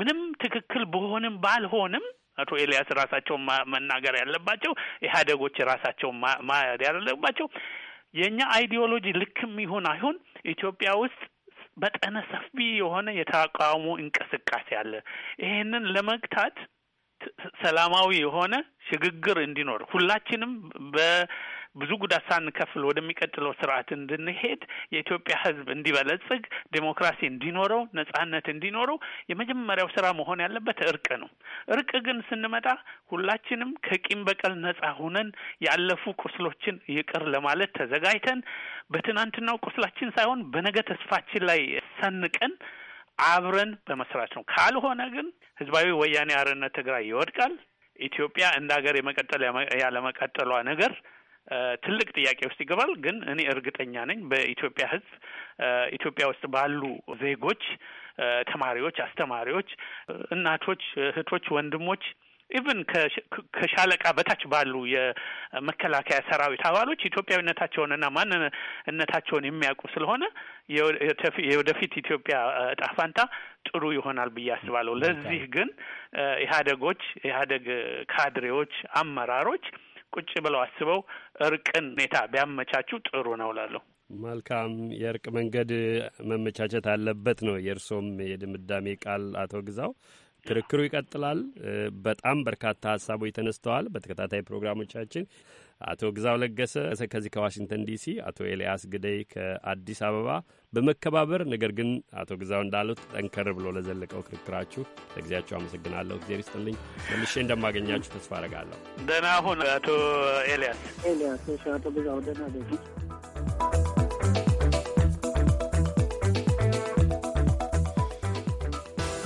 ምንም ትክክል በሆንም ባልሆንም አቶ ኤልያስ ራሳቸውን መናገር ያለባቸው ኢህአዴጎች ራሳቸውን ማያድ ያለባቸው የእኛ አይዲዮሎጂ ልክም ይሁን አይሁን ኢትዮጵያ ውስጥ በጠነ ሰፊ የሆነ የተቃውሞ እንቅስቃሴ አለ። ይሄንን ለመግታት ሰላማዊ የሆነ ሽግግር እንዲኖር ሁላችንም በ ብዙ ጉዳት ሳንከፍል ወደሚቀጥለው ስርዓት እንድንሄድ የኢትዮጵያ ህዝብ እንዲበለጽግ ዴሞክራሲ እንዲኖረው ነጻነት እንዲኖረው የመጀመሪያው ስራ መሆን ያለበት እርቅ ነው። እርቅ ግን ስንመጣ ሁላችንም ከቂም በቀል ነጻ ሁነን ያለፉ ቁስሎችን ይቅር ለማለት ተዘጋጅተን በትናንትናው ቁስላችን ሳይሆን በነገ ተስፋችን ላይ ሰንቀን አብረን በመስራት ነው። ካልሆነ ግን ህዝባዊ ወያኔ አርነት ትግራይ ይወድቃል። ኢትዮጵያ እንደ ሀገር የመቀጠል ያለመቀጠሏ ነገር ትልቅ ጥያቄ ውስጥ ይገባል። ግን እኔ እርግጠኛ ነኝ በኢትዮጵያ ሕዝብ ኢትዮጵያ ውስጥ ባሉ ዜጎች፣ ተማሪዎች፣ አስተማሪዎች፣ እናቶች፣ እህቶች፣ ወንድሞች ኢቨን ከሻለቃ በታች ባሉ የመከላከያ ሰራዊት አባሎች ኢትዮጵያዊነታቸውንና ማንነታቸውን የሚያውቁ ስለሆነ የወደፊት ኢትዮጵያ እጣ ፋንታ ጥሩ ይሆናል ብዬ አስባለሁ። ለዚህ ግን ኢህአዴጎች ኢህአዴግ ካድሬዎች፣ አመራሮች ቁጭ ብለው አስበው እርቅን ሁኔታ ቢያመቻቹ ጥሩ ነው እላለሁ። መልካም የእርቅ መንገድ መመቻቸት አለበት ነው የእርሶም የድምዳሜ ቃል አቶ ግዛው። ክርክሩ ይቀጥላል። በጣም በርካታ ሀሳቦች ተነስተዋል። በተከታታይ ፕሮግራሞቻችን አቶ ግዛው ለገሰ ከዚህ ከዋሽንግተን ዲሲ፣ አቶ ኤልያስ ግደይ ከአዲስ አበባ በመከባበር ነገር ግን አቶ ግዛው እንዳሉት ጠንከር ብሎ ለዘለቀው ክርክራችሁ ለጊዜያቸው አመሰግናለሁ። እግዜር ይስጥልኝ። መልሼ እንደማገኛችሁ ተስፋ አረጋለሁ። ደህና ሁን አቶ ኤልያስ። ኤልያስ አቶ ግዛው ደህና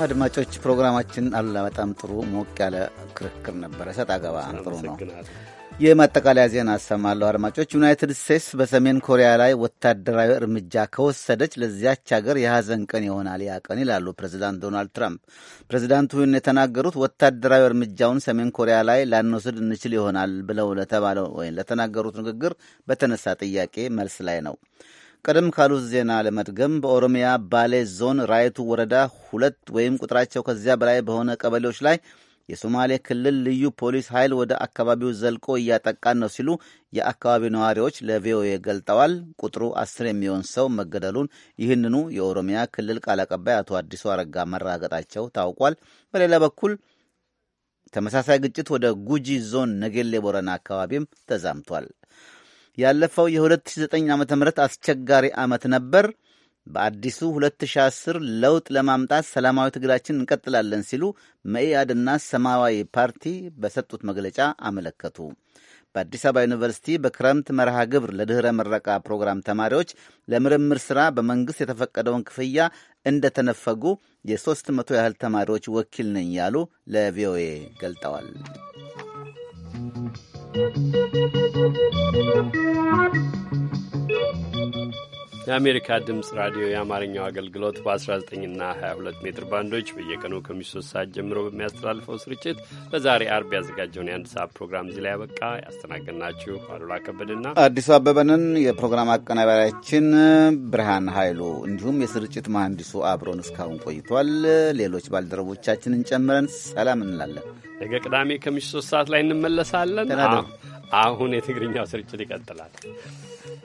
አድማጮች ፕሮግራማችን አላ በጣም ጥሩ ሞቅ ያለ ክርክር ነበረ። ሰጥ አገባ ጥሩ ነው። የማጠቃለያ ዜና አሰማለሁ። አድማጮች፣ ዩናይትድ ስቴትስ በሰሜን ኮሪያ ላይ ወታደራዊ እርምጃ ከወሰደች ለዚያች ሀገር የሐዘን ቀን ይሆናል ያ ቀን ይላሉ ፕሬዚዳንት ዶናልድ ትራምፕ። ፕሬዚዳንቱ ይህን የተናገሩት ወታደራዊ እርምጃውን ሰሜን ኮሪያ ላይ ላንወስድ እንችል ይሆናል ብለው ለተባለው ወይም ለተናገሩት ንግግር በተነሳ ጥያቄ መልስ ላይ ነው። ቀደም ካሉት ዜና ለመድገም በኦሮሚያ ባሌ ዞን ራይቱ ወረዳ ሁለት ወይም ቁጥራቸው ከዚያ በላይ በሆነ ቀበሌዎች ላይ የሶማሌ ክልል ልዩ ፖሊስ ኃይል ወደ አካባቢው ዘልቆ እያጠቃን ነው ሲሉ የአካባቢው ነዋሪዎች ለቪኦኤ ገልጠዋል። ቁጥሩ አስር የሚሆን ሰው መገደሉን ይህንኑ የኦሮሚያ ክልል ቃል አቀባይ አቶ አዲሱ አረጋ መራገጣቸው ታውቋል። በሌላ በኩል ተመሳሳይ ግጭት ወደ ጉጂ ዞን ነጌሌ ቦረና አካባቢም ተዛምቷል። ያለፈው የ2009 ዓ ም አስቸጋሪ ዓመት ነበር። በአዲሱ 2010 ለውጥ ለማምጣት ሰላማዊ ትግላችን እንቀጥላለን ሲሉ መኢአድና ሰማያዊ ፓርቲ በሰጡት መግለጫ አመለከቱ። በአዲስ አበባ ዩኒቨርሲቲ በክረምት መርሃ ግብር ለድኅረ ምረቃ ፕሮግራም ተማሪዎች ለምርምር ሥራ በመንግሥት የተፈቀደውን ክፍያ እንደተነፈጉ የሦስት መቶ ያህል ተማሪዎች ወኪል ነኝ ያሉ ለቪኦኤ ገልጠዋል። ¶¶ የአሜሪካ ድምፅ ራዲዮ የአማርኛው አገልግሎት በ19ና 22 ሜትር ባንዶች በየቀኑ ከምሽቱ ሶስት ሰዓት ጀምሮ በሚያስተላልፈው ስርጭት በዛሬ አርብ ያዘጋጀውን የአንድ ሰዓት ፕሮግራም እዚህ ላይ ያበቃ። ያስተናገድናችሁ አሉላ ከበድና አዲሱ አበበንን የፕሮግራም አቀናባሪያችን ብርሃን ኃይሉ እንዲሁም የስርጭት መሐንዲሱ አብሮን እስካሁን ቆይቷል። ሌሎች ባልደረቦቻችንን ጨምረን ሰላም እንላለን። ነገ ቅዳሜ ከምሽቱ ሶስት ሰዓት ላይ እንመለሳለን። አሁን የትግርኛው ስርጭት ይቀጥላል።